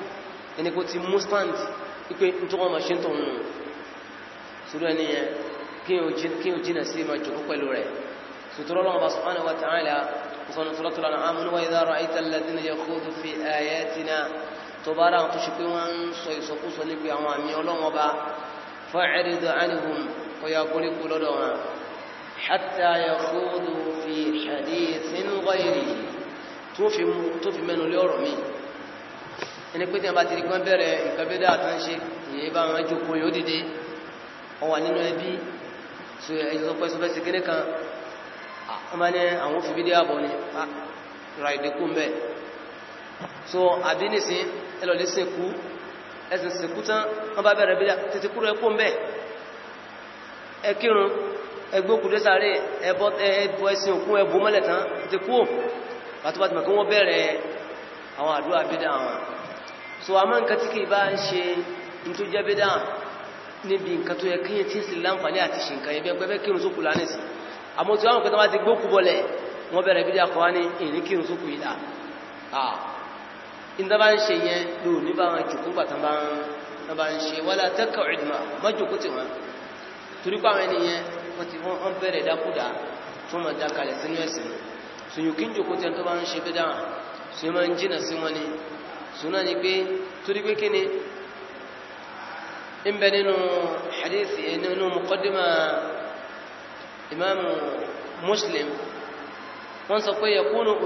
ẹni kó ti mú stand wípé n tó wọ́n ma ṣe ń tọ̀hún sórí ẹni yẹn kí o jìnà sí ma jòkó pẹ̀lú rẹ̀ sùtúrọ̀ lọ́wọ́ bá subhanahu wa ta'ala sọ̀nà suratul an'am wa idha ra'ayta alladhina yakhudhu fi ayatina tó bá ra àwọn tó ṣe pé wọ́n ń sọ ìsọkúsọ níbi àwọn àmì ọlọ́wọ́ bá فاعرض عنهم ويقول لهم حتى يخوضوا في حديث غيره توفي توفي منو لورو مي ẹni pé tí wọ́n bá ti rí kí wọ́n bẹ̀rẹ̀ nǹkan bẹ́dẹ̀ àtàn ṣe ìyẹ́ bá wọn jókòó yóò dìde ọwà nínú ẹbí so ẹjọ́ pẹ́ sọ fẹ́sẹ̀ kíní kan wọ́n bá ní àwọn òfin bídé àbọ̀ ni ra ìdínkù so àbí nìsín ẹlọ́lẹ́sìn ẹ̀sìn sìnkú tán wọ́n bá bẹ̀rẹ̀ bí tètè kúrò ẹkú ń bẹ̀ ẹ kírun ẹgbókùdé sáré ẹbọ ẹsìn òkú ẹbù mọ́lẹ̀ tán tètè kú pàtàkì kí wọ́n bẹ̀rẹ̀ àwọn àdúrà bídà wọn so àmọ́ nǹkan tí kìí bá ń ṣe nítorí jẹ́ bídà níbi nǹkan tó ìdá bá ń ṣe yẹn ló ní bá wọn jòkó gbàtàn bá ń ṣe wọ́lá tẹ́kọ̀ ìdìmọ̀ mọ́jòkó tí wọ́n torí pàwọn ẹni yẹn wọ́n ti wọ́n bẹ̀rẹ̀ dákúdá tó mọ̀ dákalẹ̀ sínú ẹ̀sìn sùnyùkí jòkó tí wọ́n tó bá ń ṣe bídá sùn máa ń jìnà sí wọn ni sùn ni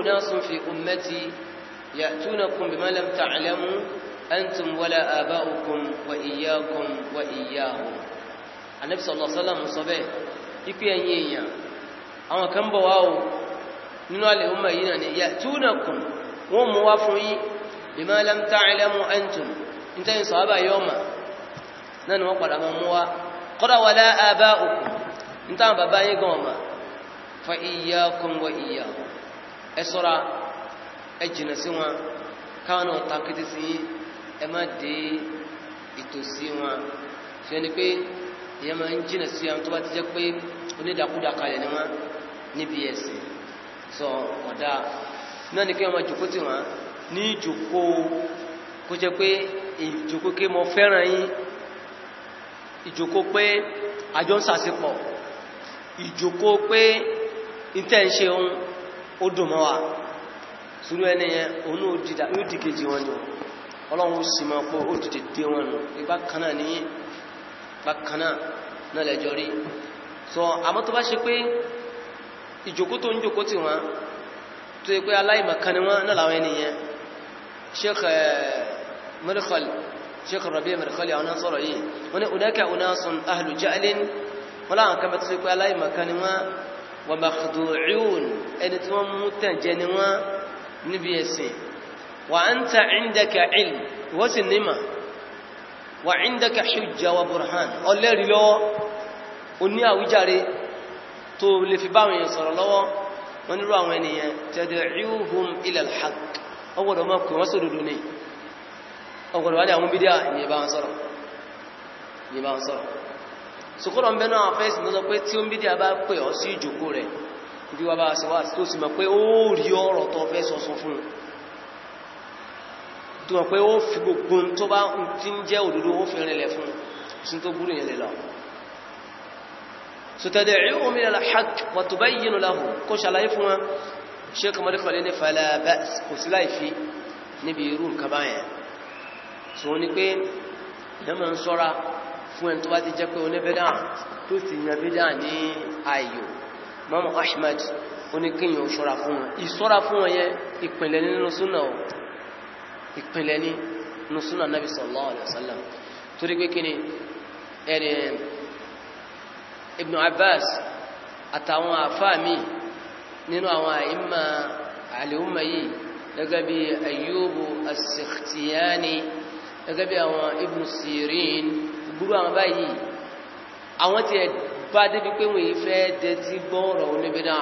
pé يأتونكم بما لم تعلموا أنتم ولا آباؤكم وإياكم وإياهم النبي صلى الله عليه وسلم صبي ipe ẹ̀yin èèyàn àwọn kan bọ̀ wá o nínú alẹ́ ọmọ yìí náà ni ya'tunakum wọ́n mú wá fún yín bima lam ta'lamu antum nítẹ́yìn sọ̀hábà yọ́mà náà ni wọ́n padà mọ́ mú wá qala wala aba'ukum nítàwọn bàbá yín gan ọmọ fa iyyakum wa iyyahum ẹ sọ́ra ẹ jìnà sí wọn káwọn náà ta kété sí yín ẹ má dé ìtòsí wọn fi ẹni pé ìyẹn máa ń jìnà sí àwọn tó bá ti jẹ́ pé onídàkúdà kalẹ̀ ni wọn níbi ẹ̀sìn sọ ọ̀dà náà ni kí wọn máa jòkó tì wọn ní ìjòkó kó jẹ́ pé ìjòkó kí mo fẹ́ràn yín ìjòkó pé àjọ ń sàṣepọ̀ ìjòkó pé ìtẹ́ ń ṣe ohun ó dùn mọ́ wa sùúrù ẹni yẹn òun ó dìdà yóò di kejì wọn ni ọlọ́run sì máa pọ̀ ó dìde dé wọn nù ìgbà kan náà ní ìgbà kan náà náà lẹ́jọ́ rí sọ àmọ́ tó bá ṣe pé ìjòkó tó ń jòkó tì wọ́n tó yẹ pé aláìmọ̀kan ni wọ́n náà làwọn ẹni yẹn sheikh eh, mirkhal sheikh rabi mirkhal àwọn náà sọ̀rọ̀ yìí wọ́n ní unaka unasun ahlu ja'lin wọ́n láwọn kan bá tó yẹ pé aláìmọ̀kan ni wọ́n wa ẹni tí wọ́n mú tẹ̀jẹ́ ni wọ́n níbi ẹ̀sìn wa anta indaka ilm wọ́n sì níma wa indaka hujja wa burhan ọlẹ́rì lọ́wọ́ o ní àwíjàre tó lè fi báwọn èèyàn sọ̀rọ̀ lọ́wọ́ wọ́n nírú àwọn ènìyàn tad'uuhum ila al-haqq ọgbọ̀dọ̀ máa pè wọ́n sódòdó ní ọgbọ̀dọ̀ wá ní àwọn bídíà ìyẹ̀bá wọn sọ̀rọ̀ ìyẹ̀bá wọn sọ̀rọ̀ sùkúrọ̀ ń bẹ́nu àwọn afẹ́sìn tó sọ pé tí ó ń bídíà bá pè ọ́ sí ìjòkó rẹ̀ ibi wà bá ṣe wá tó sì mọ̀ pé ó rí ọ̀rọ̀ tó fẹ́ sọ̀sọ̀ fún un tó mọ̀ pé ó fi gbogbo tó bá ń ti ń jẹ́ òdodo ó fi rinlẹ̀ fún un sun tó burú yẹn lè lọ sọtẹ́dẹ̀ ẹ̀yọ́ omi lẹ́la hajj wàtò bá yìí láhùn kó ni pé ìyá máa ń ṣọ́ra fún ẹni tó bá ti jẹ́ pé mọ́mọ́ Ashmat oníkíyàn ṣọ́ra fún wọn ìṣọ́ra fún wọn yẹ ìpìnlẹ̀ nínú súnà ọ̀ ìpìnlẹ̀ nínú súnà nabi sallallahu alaihi ibn abbas àtàwọn àfáàmì nínú àwọn àìmà àlèhùnmà yìí gẹ́gẹ́ bí sikhtiyani gẹ́gẹ́ bí àwọn ibn sirin gbúrú àwọn báyìí àwọn ti ẹ̀ bá débi pé wọ́n yìí fẹ́ dẹtí gbọ́ ọ̀rọ̀ oníbídà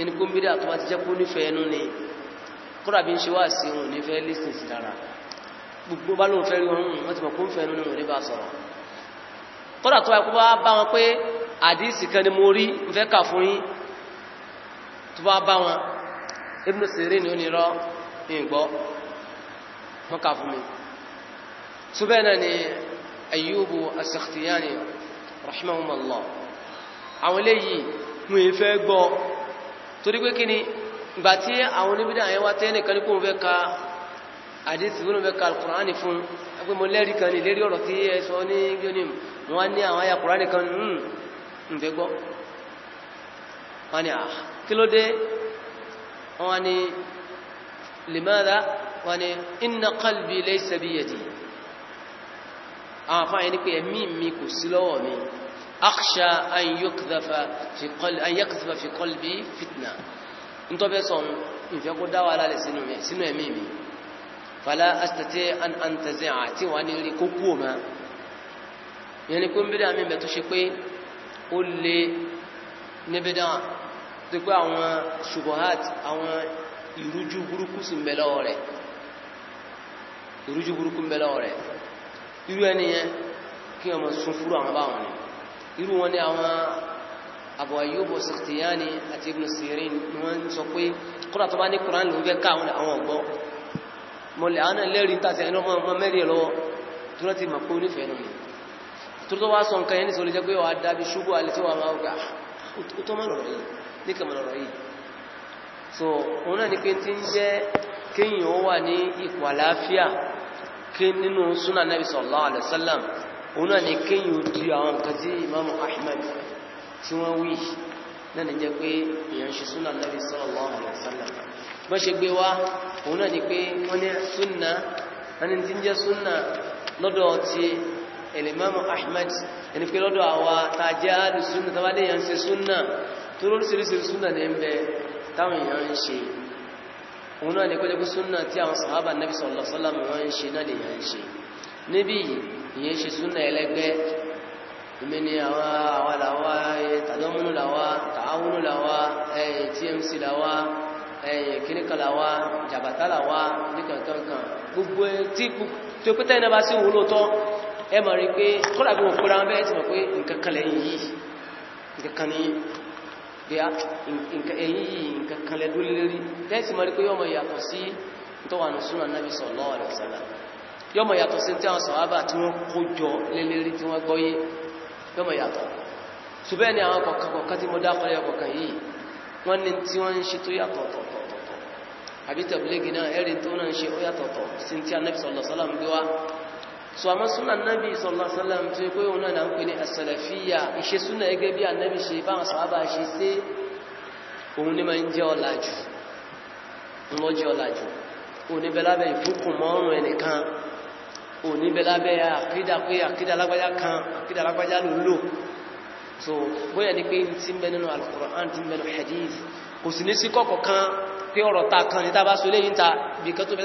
ẹni kó ń bídà tó ti jẹ́ kó nífẹ̀ẹ́ ẹnu ni kódà bí ń ṣe wá sí wọn ò ní sí dára gbogbo bá lóun fẹ́ rí wọn wọ́n ti mọ̀ kó ń fẹ́ ẹnu ni wọn ò ní bá sọ̀rọ̀ kódà tó wáyé kó bá bá wọn pé àdísì kan ni mo rí ń fẹ́ kà fún yín tó bá bá wọn Ibn Sirin ni ó ní rọ́ ìgbọ́ wọn kà fún mi tó bẹ́ẹ̀ náà ni Ayyubu as-Sakhtiyani rahimahumullah àwọn eléyìí mú e fẹ́ gbọ́ torí pé kí ni ìgbà tí àwọn oníbídà yẹn wá tẹ́nìkan ní kó fẹ́ ka àdísì wọn fẹ́ ka alkùránì fún ẹgbẹ́ mo lẹ́rí kan ní lérí ọ̀rọ̀ tí ẹ sọ ní gíní mo wá ní àwọn ayà kùránì kan ń hmm, fẹ́ gbọ́ wọn ni à ah, kí ló dé wọn ni limadha wọn ni inna qalbi laysa biyadi àwọn afáyẹ ní pé ẹ̀mí mi kò sí lọ́wọ́ mi akhsha an yakdhafa fi qalbi an yakdhafa fi qalbi fitna ntọ́fẹ́ sọ ìfẹ́ kó dá wa lálẹ́ sínú ẹ̀mí mi fala astati an antazi'a àti wà ní rí kókó ma ìyẹn ni pé ń bẹ́dà tó ṣe pé ó lé níbẹ̀dà tó pé àwọn ṣubuhat àwọn ìrújú burúkú sí ń bẹ lọ́wọ́ rẹ̀ ìrújú burúkú ń bẹ lọ́wọ́ rẹ̀ irú ẹni yẹn kí ọmọ sun fúrú àwọn báwọn ni irú wọn ni àwọn Abu Ayyub Sakhtiyani àti Ibn Sirin ni wọ́n ń sọ pé kódà tó bá ní Qur'an ló ń fẹ́ káwọn àwọn ọ̀gbọ́ mọ̀lẹ̀ àwọn náà lẹ́rìí tàṣẹ ẹni ọmọ mẹ́rin lọ́wọ́ tó rántí mọ̀ pé onífẹ̀ẹ́ nù tó tó wá sọ nǹkan yẹn nítorí jẹ́ pé wàá dábí ṣubú alẹ́ tí wàá máa gbà ah, ó tó mọ̀ lọ́rọ̀ yìí ní kàmọ̀ lọ́rọ̀ yìí so òun náà ni pé ti ń jẹ́ kéèyàn wà ní ipò àlàáfíà kí nínú súnà nàbì sallallahu alaihi wasallam òun náà ni kéyìn di àwọn nǹkan tí imamu ahmed tí wọ́n wí náà ni jẹ́ pé èèyàn ṣe súnà nàbì sallallahu alaihi wasallam bọ́n ṣe gbé wá òun náà ni pé wọ́n ní súnà ẹni tí ń jẹ́ súnà lọ́dọ̀ ti imamu ahmed òun náà ni kó jẹ́ kó súnà tí àwọn sàhábà nàbí sallallahu alaihi wasallam wọ́n ń ṣe náà lè yàn ṣe níbí ìyẹn ṣe súnà ẹlẹ́gbẹ́ èmi ni àwọn àwa làwa tàdọ́múnú làwa tàáwúnú làwa tmc làwa kíníkan làwa jàbàtà làwa kíníkan kankan gbogbo tí tó pété iná bá sí òun lóòótọ́ ẹ mọ̀ rí pé kọ́lá bí wọ́n kóra wọn bẹ́ẹ̀ ti mọ̀ pé nǹkan kan lẹ́yìn yìí nǹkan kan ní pé ah, ẹ̀yìn yìí nǹkan kalẹ̀ dúró lérí tẹ́sí mọ́ rí pé yọ́mọ̀ yàtọ̀ sí tọ́wànù súnà náà sallallahu alaihi wasallam yọ́mọ̀ yàtọ̀ sí tí àwọn sàhábà tí wọ́n kó jọ lélérí tí wọ́n gbọ́yé yọ́mọ̀ yàtọ̀ ṣùgbẹ́ ni àwọn kọ̀ọ̀kan kọ̀ọ̀kan tí mo dákọ̀lẹ̀ kọ̀ọ̀kan yìí wọ́n ní tí wọ́n ń ṣe tó yàtọ̀ tọ̀tọ̀tọ̀ àbí tẹ̀bílẹ́gì náà ẹ̀rí tó náà ń so àmọ́ súnà náàbì sallallahu alaihi wasallam tó pé òun náà ń pè ní as-salafiyya ìṣe súnà gẹ́gẹ́ bí ànábì ṣe báwọn sàábà ṣe sí òun ní ma ń jẹ́ ọ̀làjù ńlọ́jẹ́ ọ̀làjù oníbẹ̀lábẹ̀ ìfúnkùn mọ́rùn ẹnìkan oníbẹ̀lábẹ̀ àkídà pé àkídà lágbájá kan àkídà lágbájá ló lò so bóyá ni pé tí ń bẹ nínú al-Qur'an tí ń bẹ nínú hadith kò sì ní sí kọ̀kọ̀ kan pé ọ̀rọ̀ ta kan ní tá a bá so léyìn ta ibìkan tó bẹ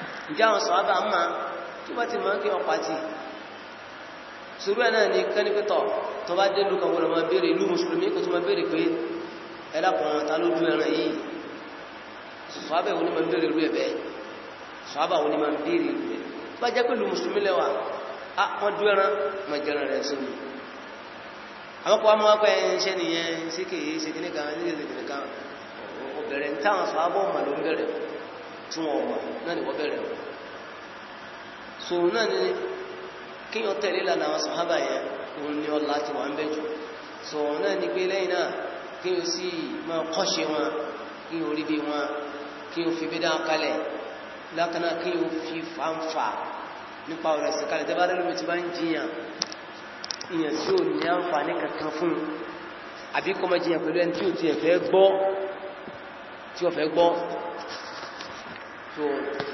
ǹjẹ́ àwọn sọ̀rọ̀bà mọ́ tó bá ti mọ́ kí wọ́n pàtì ṣòro náà ni kẹ́nìpẹ́tọ̀ tó bá dé lùkọ̀ wọ́n máa béèrè ìlú mùsùlùmí kò tó máa béèrè pé ẹlákùnrin ta ló ju ẹran yìí sọ̀rọ̀bà wọn ni máa béèrè ìlú ẹ̀bẹ̀ sọ̀rọ̀bà wọn ni máa béèrè ìlú ẹ̀ tó bá jẹ́ pé ìlú mùsùlùmí lẹ́wà á ah, wọ́n ju ẹran máa jẹran rẹ̀ sí mi àwọn kọ́ ọmọ ọkọ̀ ẹ̀ ń ṣe tí wọ́n mọ̀ náà ni wọ́n bẹ̀rẹ̀ wọn so náà ni kíyàn tẹ̀lé ìlànà àwọn sàhábà yẹn òun ni ọlá ti wà ń bẹ̀ jù so náà ni pé lẹ́yìn náà kíyàn sì máa kọ́ṣe wọn kíyàn orí bí wọn kíyàn fi bí dáa kalẹ̀ lákaná kíyàn fi fàǹfà nípa ọ̀rọ̀ ẹ̀sìn kalẹ̀ tẹ́ bá lẹ́nu mi ti bá ń jiyàn ìyàn tí ò ní àǹfààní kankan fún àbí kọ́mọ jiyàn pẹ̀lú ẹni tí ò tiẹ̀ fẹ́ gbọ́ so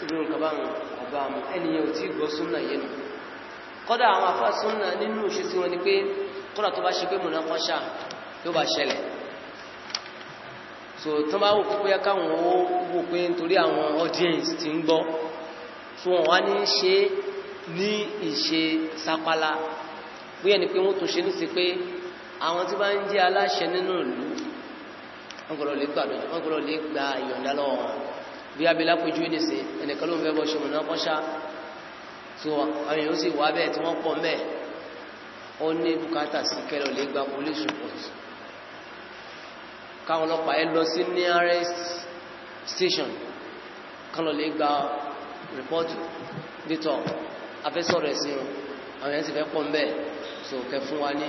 irú nǹkan bá ń bàbá mu ẹnìyàn ò tí ì gbọ́ súnà yẹn nù kọ́dà àwọn afá súnà nínú òṣìṣì wọn ni pé kọ́dà tó bá ṣe pé múná kọ́ṣà yóò bá ṣẹlẹ̀ so tó bá wò pé káwọn ó wò pé nítorí àwọn audience ti ń gbọ́ tí wọ́n wá ní ṣe ní ìṣe sapala bóyá ni pé wọ́n tún ṣe ní sí pé àwọn tí bá ń jẹ́ aláṣẹ nínú ìlú wọ́n gbọ́dọ̀ lè gbà lọ́wọ́ bí abilá kojú ní sí ẹnìkan ló ń fẹ́ bọ́ ṣe mọ̀nà kọ́ṣá tí àwọn èèyàn sì wá bẹ́ẹ̀ tí wọ́n pọ̀ mẹ́ẹ̀ ó ní bùkátà sí kẹlọ lè gba police report káwọn ọlọ́pàá ẹ lọ sí nearest station kọlọ lè gba report dìtọ̀ afẹ́sọ̀rọ̀ ẹ̀sìn àwọn èèyàn sì fẹ́ pọ̀ mẹ́ẹ̀ so kẹ fún wa ní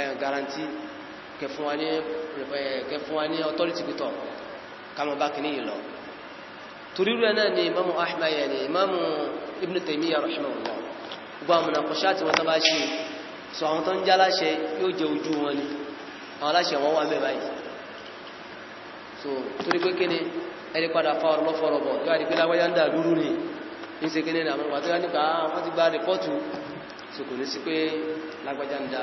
eh, guarantee kẹ fún wa ní eh, authority pẹ̀tọ̀ kàmọ́ bá kìíní yìí lọ torí rẹ̀ náà ni imamu ahmed yẹn ni imamu ibn taymiya rahimahullah gbogbo àwọn ọmọnàkọ̀ṣá tí wọ́n tábà ṣe sọ àwọn tó ń já láṣẹ yóò jẹ ojú wọn ni àwọn aláṣẹ wọn wà mẹ́bàá yìí so torí pé kíni ẹni padà fa ọ̀rọ̀ lọ́fọ̀ọ́rọ̀ bọ̀ yóò àdìpé lágbájá ń dà lúrú ni ń ṣe kíni àwọn ìgbà tó yá nípa àwọn ah, ti gba rìpọ́ọ̀tù so kò ní sí pé lágbájá ń dà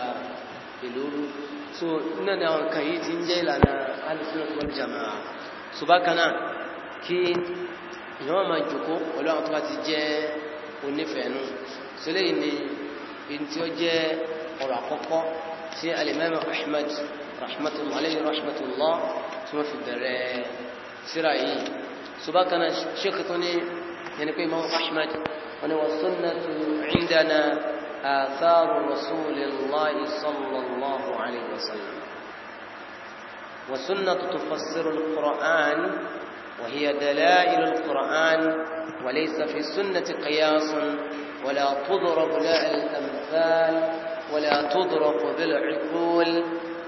so náà ni àwọn nǹkan yìí ti ń jẹ́ ìlànà alùpùpù wal jamaa so bákan náà kí ìyẹn wọn máa jòkó pẹ̀lú àwọn tó bá ti jẹ́ onífẹ̀ẹ́nu so léyìn ni èyí tí ó jẹ́ ọ̀rọ̀ àkọ́kọ́ tí alimami ahmed rahmatulah alayhi rahmatulah tí wọ́n fi bẹ̀rẹ̀ síra yìí so sheikh tó ní yẹn pé imam ahmed wọn ni wọn sunnatu indana atharu rasulillahi sallallahu alayhi wa sallam. وسنة تفسر القرآن وهي دلائل القرآن وليس في السنة قياس ولا تضرب لا الأمثال ولا تضرب بالعقول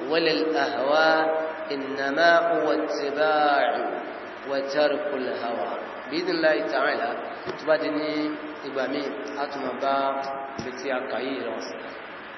ولا الأهواء إنما هو اتباع وترك الهوى بإذن الله تعالى تبادني إبامي أتمبا بتيا قيرا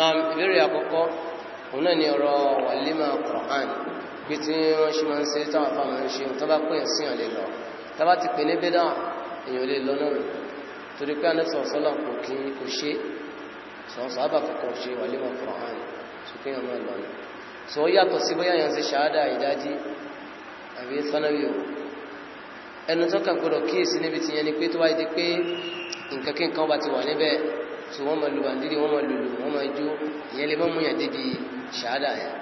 na ìbéèrè àkọ́kọ́ òun náà ni ọ̀rọ̀ wàlímà Qur'an bí tí wọ́n ṣe máa ń ṣe táwọn afá máa ń ṣe tó bá pè é sí àlè lọ tó bá ti pè ní bídà èèyàn lè lọ náà torí pé àná sọ̀rọ̀ sọ́lá kò kí kò ṣe sọ̀rọ̀ sọ̀rọ̀ àbà kò ṣe wàlímà Qur'an sókè yàn náà lọ ni sọ yàtọ̀ sí bóyá yàn ṣe ṣáádà ìdájí àbí sanawi o ẹnu tó kà gbọdọ̀ kíyèsí níbi ti yẹn ni pé tó wáyé di pé nǹkan kí nǹkan bá ti wà níbẹ̀ tí wọ́n máa lu bàndírí wọ́n máa lulu wọ́n máa jó ìyẹn lè mọ́mú yàn débi ṣáádà yẹn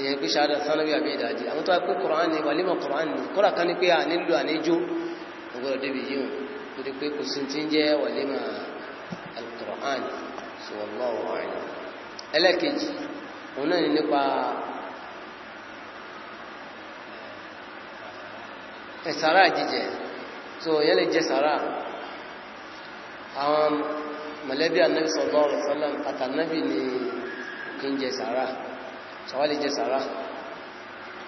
ìyẹn pé ṣáádà sanabi àbí ìdájí àwọn tó wá pé koran ni wàlímọ̀ koran ni kọ́ra kan ní pé à nílò àníjó ọgbọ́dọ̀ débi yìí hàn tó di pé kò sí ti ń jẹ́ wàlímọ̀ alukoran sọ̀rọ̀ wàhálà ẹlẹ́kejì òun náà ni nípa ẹ̀sàrà jíjẹ so ìyẹn àwọn mọ̀lẹ́bí ànábì sallallahu alaihi wasallam àtànábì ni kí ń jẹ sàárà sàwálì jẹ sàárà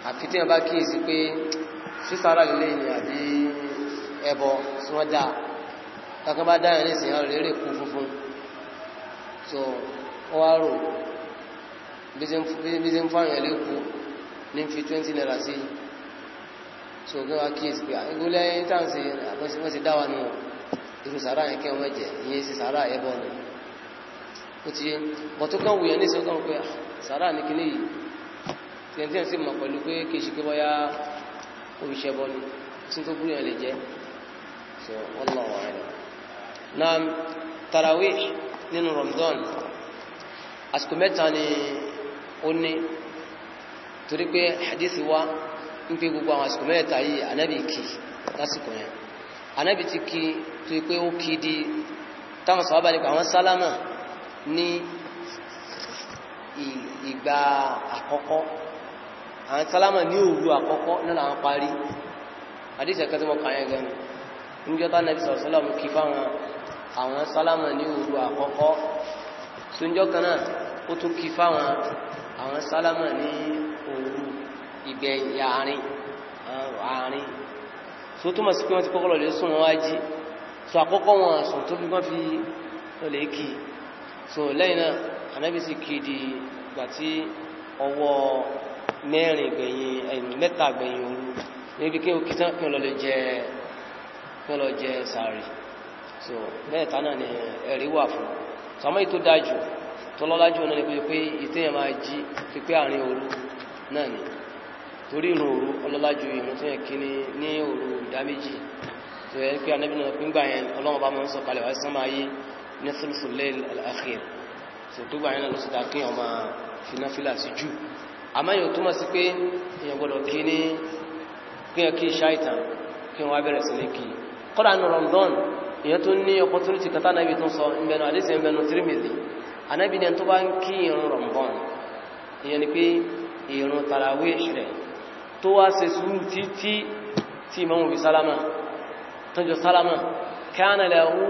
àfi tí wọ́n bá kíyèsí pé sí sàárà lílé ni àbí ẹbọ tí wọ́n dá kankan bá dáyàn ní ìsìn àrẹ̀ rẹ̀ kú funfun so wọ́n á rò bí ṣe ń fáyàn lè kú ní fi 20 naira sí so kí wọ́n kíyèsí pé ìgbólẹ́yìn táwọn sí àpẹẹsí dáwà nù wọn irú sàárà yẹn kí ọmọ jẹ ìyẹn sì sàárà ẹbọ ni ó ti yé bọ̀ tó kàn wùyẹn ní ìṣọ́kàn pé ah, sàárà ní kíní yìí tẹ̀ntẹ̀n sì mọ̀ pẹ̀lú pé kì í ṣe pé bọ́yá òṣìṣẹ́ ni tí tó búrú yẹn lè jẹ́ so wallahu a'lam na tarawih nínú Ramadan àsìkò mẹ́ta ni ó ní torí pé hadithi wa ń pé gbogbo àwọn àsìkò mẹ́ta yìí anábì kì lásìkò yẹn anábì ti kì tó pé ó kìdí táwọn sọ̀rọ̀ bá lè pàwọn sálámà ní ìgbà àkọ́kọ́ àwọn sálámà ní òru àkọ́kọ́ náà àwọn parí àdíṣẹ́ kẹ́ tí wọ́n kàáyẹ gẹnu níjọ́ta nẹ́bí sọ̀rọ̀ sọ́lọ́mù kí fáwọn àwọn sálámà ní òru àkọ́kọ́ súnjọ́ kan náà ó tún kí fáwọn àwọn sálámà ní òru ìgbẹ̀yìn àárín àárín tó túnmọ̀ sí pé wọ́n ti kọ́kọ́ lọ lè sùn wọ́n wá jí so àkọ́kọ́ wọn sùn tó fi wọ́n fi lọ́lẹ̀ kì so lẹ́yìn náà anábì sì kì í di ìgbà tí ọwọ́ mẹ́rin gbẹ̀yìn ẹ̀yìn mẹ́ta gbẹ̀yìn òru níbi kí o kì tán kí wọ́n jẹ kí wọ́n jẹ sàárì so mẹ́ta náà ni ẹ̀rí wà fún so àmọ́ ètò dájú tó lọ́lá jù náà ni pé pé ìtẹ́yàn máa jí pípé àárín òru náà ni torí ìrùn òru ọlọ́lá ìrùn tó yẹ kí ní òru ìdá méjì tó yẹ pé anabi náà gbígbà yẹn ọlọ́run bá máa ń sọ kalẹ̀ wá sánmà ayé ní fúlfúlẹ̀ àkìr tó gbígbà yẹn lọ sí ta kí ọmọ fináfílà sí jù àmọ́ yóò túmọ̀ sí pé èèyàn gbọ́dọ̀ kí ní kí ẹ kí iṣá ìtàn kí wọ́n abẹ́rẹ̀ sí ní kí kọ́dà tó wá ṣe sùúrù títí tí ìmọ̀ òbí sálámà tọ́jọ sálámà kana lahu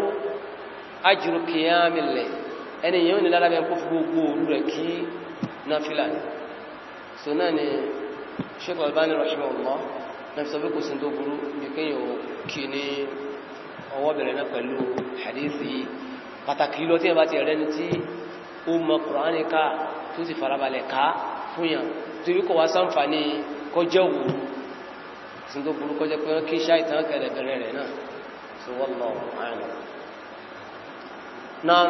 ajru qiyamil layl ẹni yẹn ò ní lára bẹ́ẹ̀ kó fi gbogbo òru rẹ̀ kí náfìlà ni so náà ni Sheikh Albani rahimahullah náà fi sọ pé kò sí tó burú bí kéèyàn ò kí ní ọwọ́ sí tó burúkọ jẹ́ pé wọ́n kí ṣá ìtàn kẹlẹ̀ bẹ̀rẹ̀ rẹ̀ náà tó wọ́n lọ àrùn náà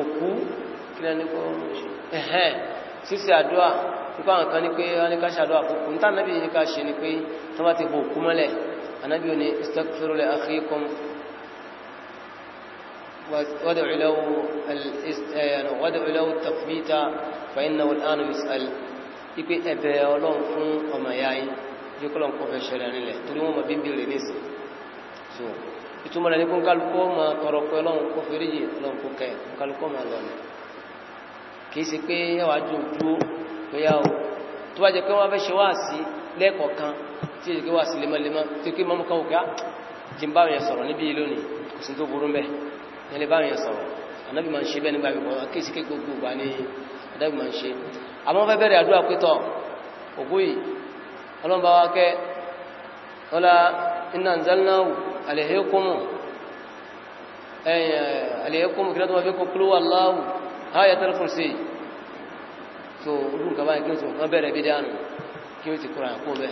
òkú kí lẹ́ni kọ́ ẹ̀hẹ́n ṣíṣe àdúrà nípa àwọn kan ní pé wọ́n ní ká ṣe àdúrà kókó níta nábì ní ká ṣe ni pé tó bá ti bo òkú mọ́lẹ̀ anábì ò ní istaghfiru li akhikum وادعوا له وادعوا له التثبيت فإنه الآن يسأل يبقى أبي الله فون وما يعين yóò kọ́lọ̀ nǹkan fẹ́ ṣẹlẹ̀ nílẹ̀ torí wọ́n mọ̀ bí bèèrè nísìn so ìtumọ̀ rẹ̀ ní kó kálukọ́ ma tọrọ pé ọlọ́run kó fèrè yìí ọlọ́run kó kẹ́ kálukọ́ ma lọ nù kìí ṣe pé ẹwà jò dúó bóyá o tó bá jẹ pé wọ́n fẹ́ ṣe wá sí lẹ́ẹ̀kọ̀kan tí èdè pé wá sí lemọ́lemọ́ tí ó pé mọ́mú kan òkè á jí ń báwọn yẹn sọ̀rọ̀ níbí lónìí kò sí tó burú mbẹ́ yẹn lè báwọn yẹn sọ̀rọ̀ ànábì máa ń ṣe bẹ́ẹ̀ nígbà gbogbo kìí ṣe pé gbogbo gbà ní ànábì máa ń ṣe àmọ́ fẹ́ bẹ̀rẹ̀ àdúrà pé tọ̀ ògbóyìí ọlọ́run bá wá kẹ́ ọlá iná zalnáwù àlèhékùnmù àlèhékùnmù kí lọ́tọ́ fi kọ́ kúlúwà láwù háyà tẹ́lẹ̀kùnsí so orúkùn kaba ní kí n sọ kan bẹ̀rẹ̀ bí dánù kí o ti kúrò àkó bẹ́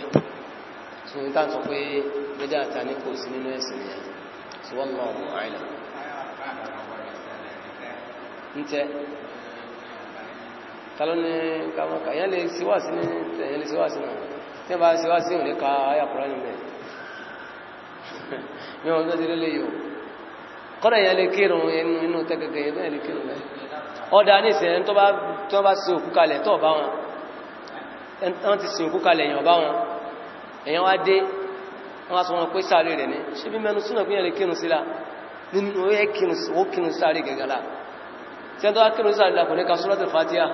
so n tàn sọ pé méjì àta ní kò kàwọn kàyẹ́ lè síwá sí ní tẹ̀yẹ́ lè síwá sí náà tí wọ́n bá ṣe wá sí òní ka ayà kùránì mẹ́ *laughs* ní ọdún tí lélẹ̀ yóò kọ́nà ìyẹn lè kírun inú tẹ́gẹ̀gẹ̀ yẹn lè kírun mẹ́ ọ̀dà ní ìsìn ẹni tó bá ṣe òkú kalẹ̀ tó bá wọn wọ́n ti sin òkú kalẹ̀ bá wọn èèyàn wá dé wọ́n wá sọ wọn pé sáré rẹ̀ ní ṣé bí mẹ́nu súnà pé lè kírun sí la nínú ó yẹ kírun sáré gẹ̀gẹ̀ la tí wọ́n tó wá kírun sáré la kò ní ka suratul Fatiha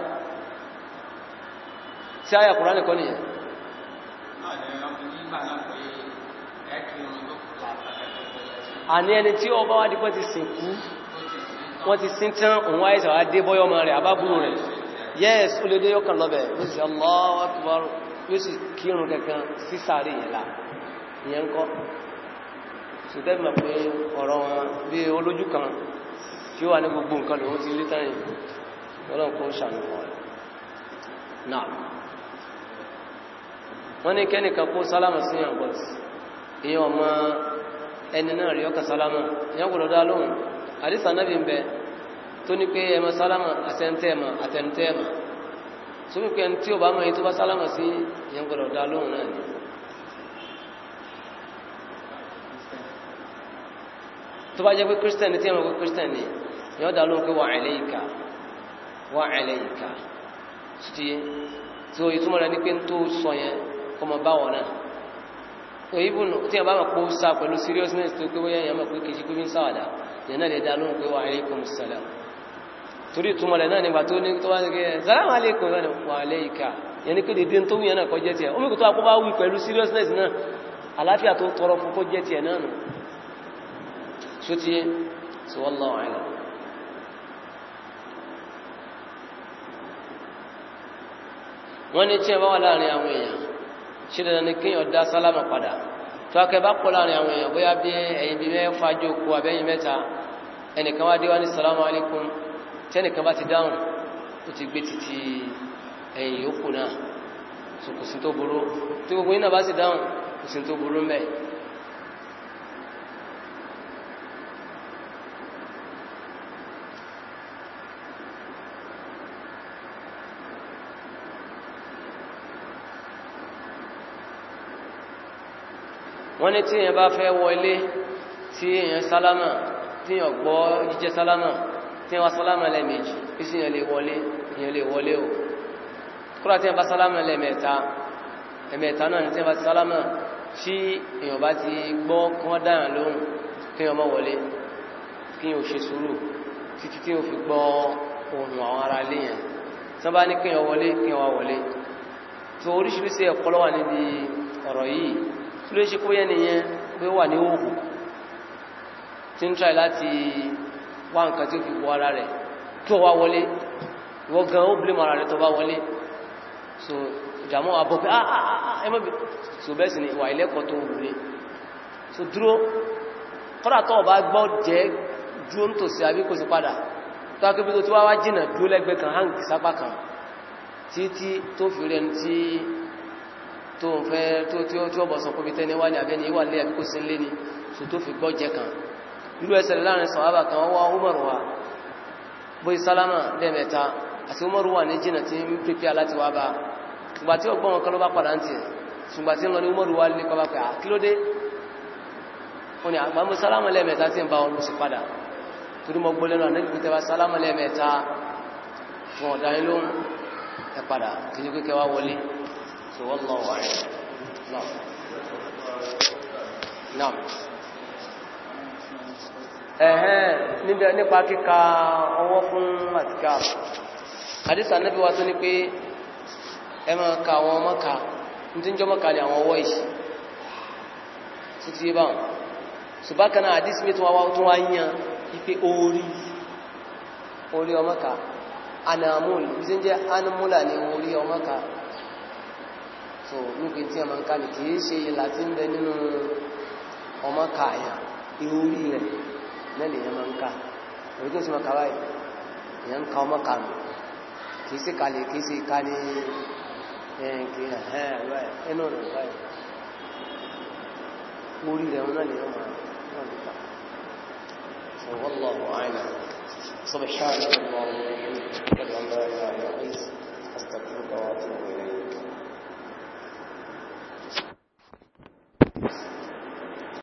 sí àyà Kùránì kọ́ nìyẹn àní ẹni tí ọba wá dípọ́ ti sìnkú wọ́n ti sín tán òun wáyé sàwá dé bọ́yọ́ ọmọ rẹ̀ àbábúrú rẹ̀ yes ó lè dé yọ́ kan lọ́bẹ̀ ló sì Allahu Akbar yóò sì kírun kankan sí sáré yẹn la ìyẹn ń kọ́ ṣùgbọ́n mọ̀ pé ọ̀rọ̀ wọn bí olójú kan tí ó wà ní gbogbo nǹkan lòun ti lé yìí ọlọ́run kò ṣàmì fún náà wọ́n ní kẹ́nìkan kó sálámà sí yàn bọ́t ìyẹn ọmọ ẹni náà rí ọkà sálámà ìyẹn gbọ́dọ̀ dá lóhùn àdìsá nábì ń bẹ tó ní pé ẹmọ sálámà àtẹnutẹ́ẹ̀mà àtẹnutẹ́ẹ̀mà tó ní pé ẹni tí ò bá mọ èyí tó bá sálámà sí ìyẹn gbọ́dọ̀ dá lóhùn náà ni. tó bá jẹ́ pé christian tí ẹmọ pé christian ni ìyẹn dá lóhùn pé wà ẹlẹ́yìíká wà ẹlẹ́yìíká tó yẹ tó rẹ̀ ní pé ń tó sọ yẹn kọmọ bá wọn náà so even tí wọn bá mọ̀ pé ó sá pẹ̀lú seriousness tó pé wọ́n yẹn mọ̀ pé kejì pé fi ń sáwàdà yẹn náà lè dá lóhùn pé wa alaikum salam torí ìtumọ̀ rẹ̀ náà nígbà tó ní tó wá ní kẹ́ salamu alaikum lọ́nà wa alaika yẹn ni pé dédé tó wù yẹn náà kọjẹ́ tiẹ̀ omi kò tó akọ́ bá wù pẹ̀lú seriousness náà àlàáfíà tó tọrọ fún kọjẹ́ tiẹ̀ náà nù sóti sọ wallahu a'lam wọ́n ní tí ẹ bá wà láàrin àwọn èèyàn ṣe dandan ni kéèyàn dá sálámà padà tó akẹ́ bá pọ̀ láàrin àwọn èèyàn bóyá bí ẹ̀yin bí mẹ́fà jókòó àbẹ́yìn mẹ́ta ẹnìkan wá dé wá ní salamu alaikum tí ẹnìkan bá ti dáhùn ó ti gbé títí ẹ̀yìn yòókù náà so kò sí tó burú tí gbogbo yín bá sì dáhùn kò sí tó burú mẹ́ẹ̀ wọ́n ní tí èèyàn bá fẹ́ wọlé tí èèyàn sálámà tí èèyàn gbọ́ jíjẹ sálámà tí èèyàn wá sálámà lẹ́ẹ̀mejì bí sí èèyàn lè wọlé èèyàn lè wọlé o kúrò tí èèyàn bá sálámà lẹ́ẹ̀mẹ́ta ẹ̀mẹ́ta náà ní tí èèyàn bá sálámà tí èèyàn bá ti gbọ́ kán lóhùn kí èèyàn mọ́ wọlé kí èèyàn ò ṣe sùúrù títí tí èèyàn fi gbọ́ ohun àwọn ará ilé yẹn tí wọ́n bá ní kí èèyàn wọlé kí èèyàn wá wọlé tó oríṣiríṣi ẹ̀kọ́ ló níbi ọ̀rọ̀ yìí tí ló ṣe kó yẹn nìyẹn pé wà ní òhù tí ń try láti wá nǹkan tí ó fi wọ ara rẹ̀ tí ó wá wọlé wọ́n gan ó blame ara rẹ̀ tó bá wọlé so ìdààmú àbọ̀ pé ah, ah, ah, ẹmọ́bí so bẹ́ẹ̀ sì ni ìwà ilẹ́kọ̀ọ́ tó wùlé so dúró kọ́dà tó ọba gbọ́ jẹ́ dúró nítòsí àbí kò sí padà tó akébí tó ti wá wá jìnà dúró lẹ́gbẹ̀ẹ́ kan hàn sápá kan títí tó fi rẹ̀ ní tó ń fẹ́ tó tí ó tí ó bọ̀ sọ kóbi tẹ́ni wá ní abẹ́ni ìwà lẹ́yà kó sí lé ní so tó fi gbọ́ jẹ kan irú ẹsẹ̀ láàrin sọ̀hábà kan wá Umaru wa bó ìsálámà lẹ́mẹ̀ta àti Umaru wa ní jìnà tí ń pèpè aláti wá bá ìgbà tí ó gbọ́n kan ló bá padà ń tiẹ̀ wa ni àgbà mú sálámà lẹ́mẹ̀ta tí ń bá wọn lọ sí padà torí mọ gbọ́lẹ́ náà nígbà tẹ́wà sálámà lẹ́mẹ̀ta wọn ọ̀dá ilóhun ẹ padà kìí pé kẹwàá So والله أعلم نعم نعم ẹ̀hẹ́n níbi nípa kíka ọwọ́ fún àtìká àdísà níbi wa tó ní pé ẹ ka àwọn mọ́ka tí ń jọ mọ́ka ní àwọn ọwọ́ ìṣì tó ti bá wọn ṣùgbákaná àdísì mí tó wá tó wá yán ipé orí orí ọmọ́ka so níbi tí a máa ń ká ní kìí ṣe ìlà tí ń bẹ nínú ọmọ kààyà ihò orí rẹ̀ mẹ́lẹ̀ èèyàn máa ń ká èyí tó sì máa kàwá èèyàn ń ka ọmọ kà nù kìí ṣe kalẹ̀ kìí ṣe ká ní ẹnu rẹ̀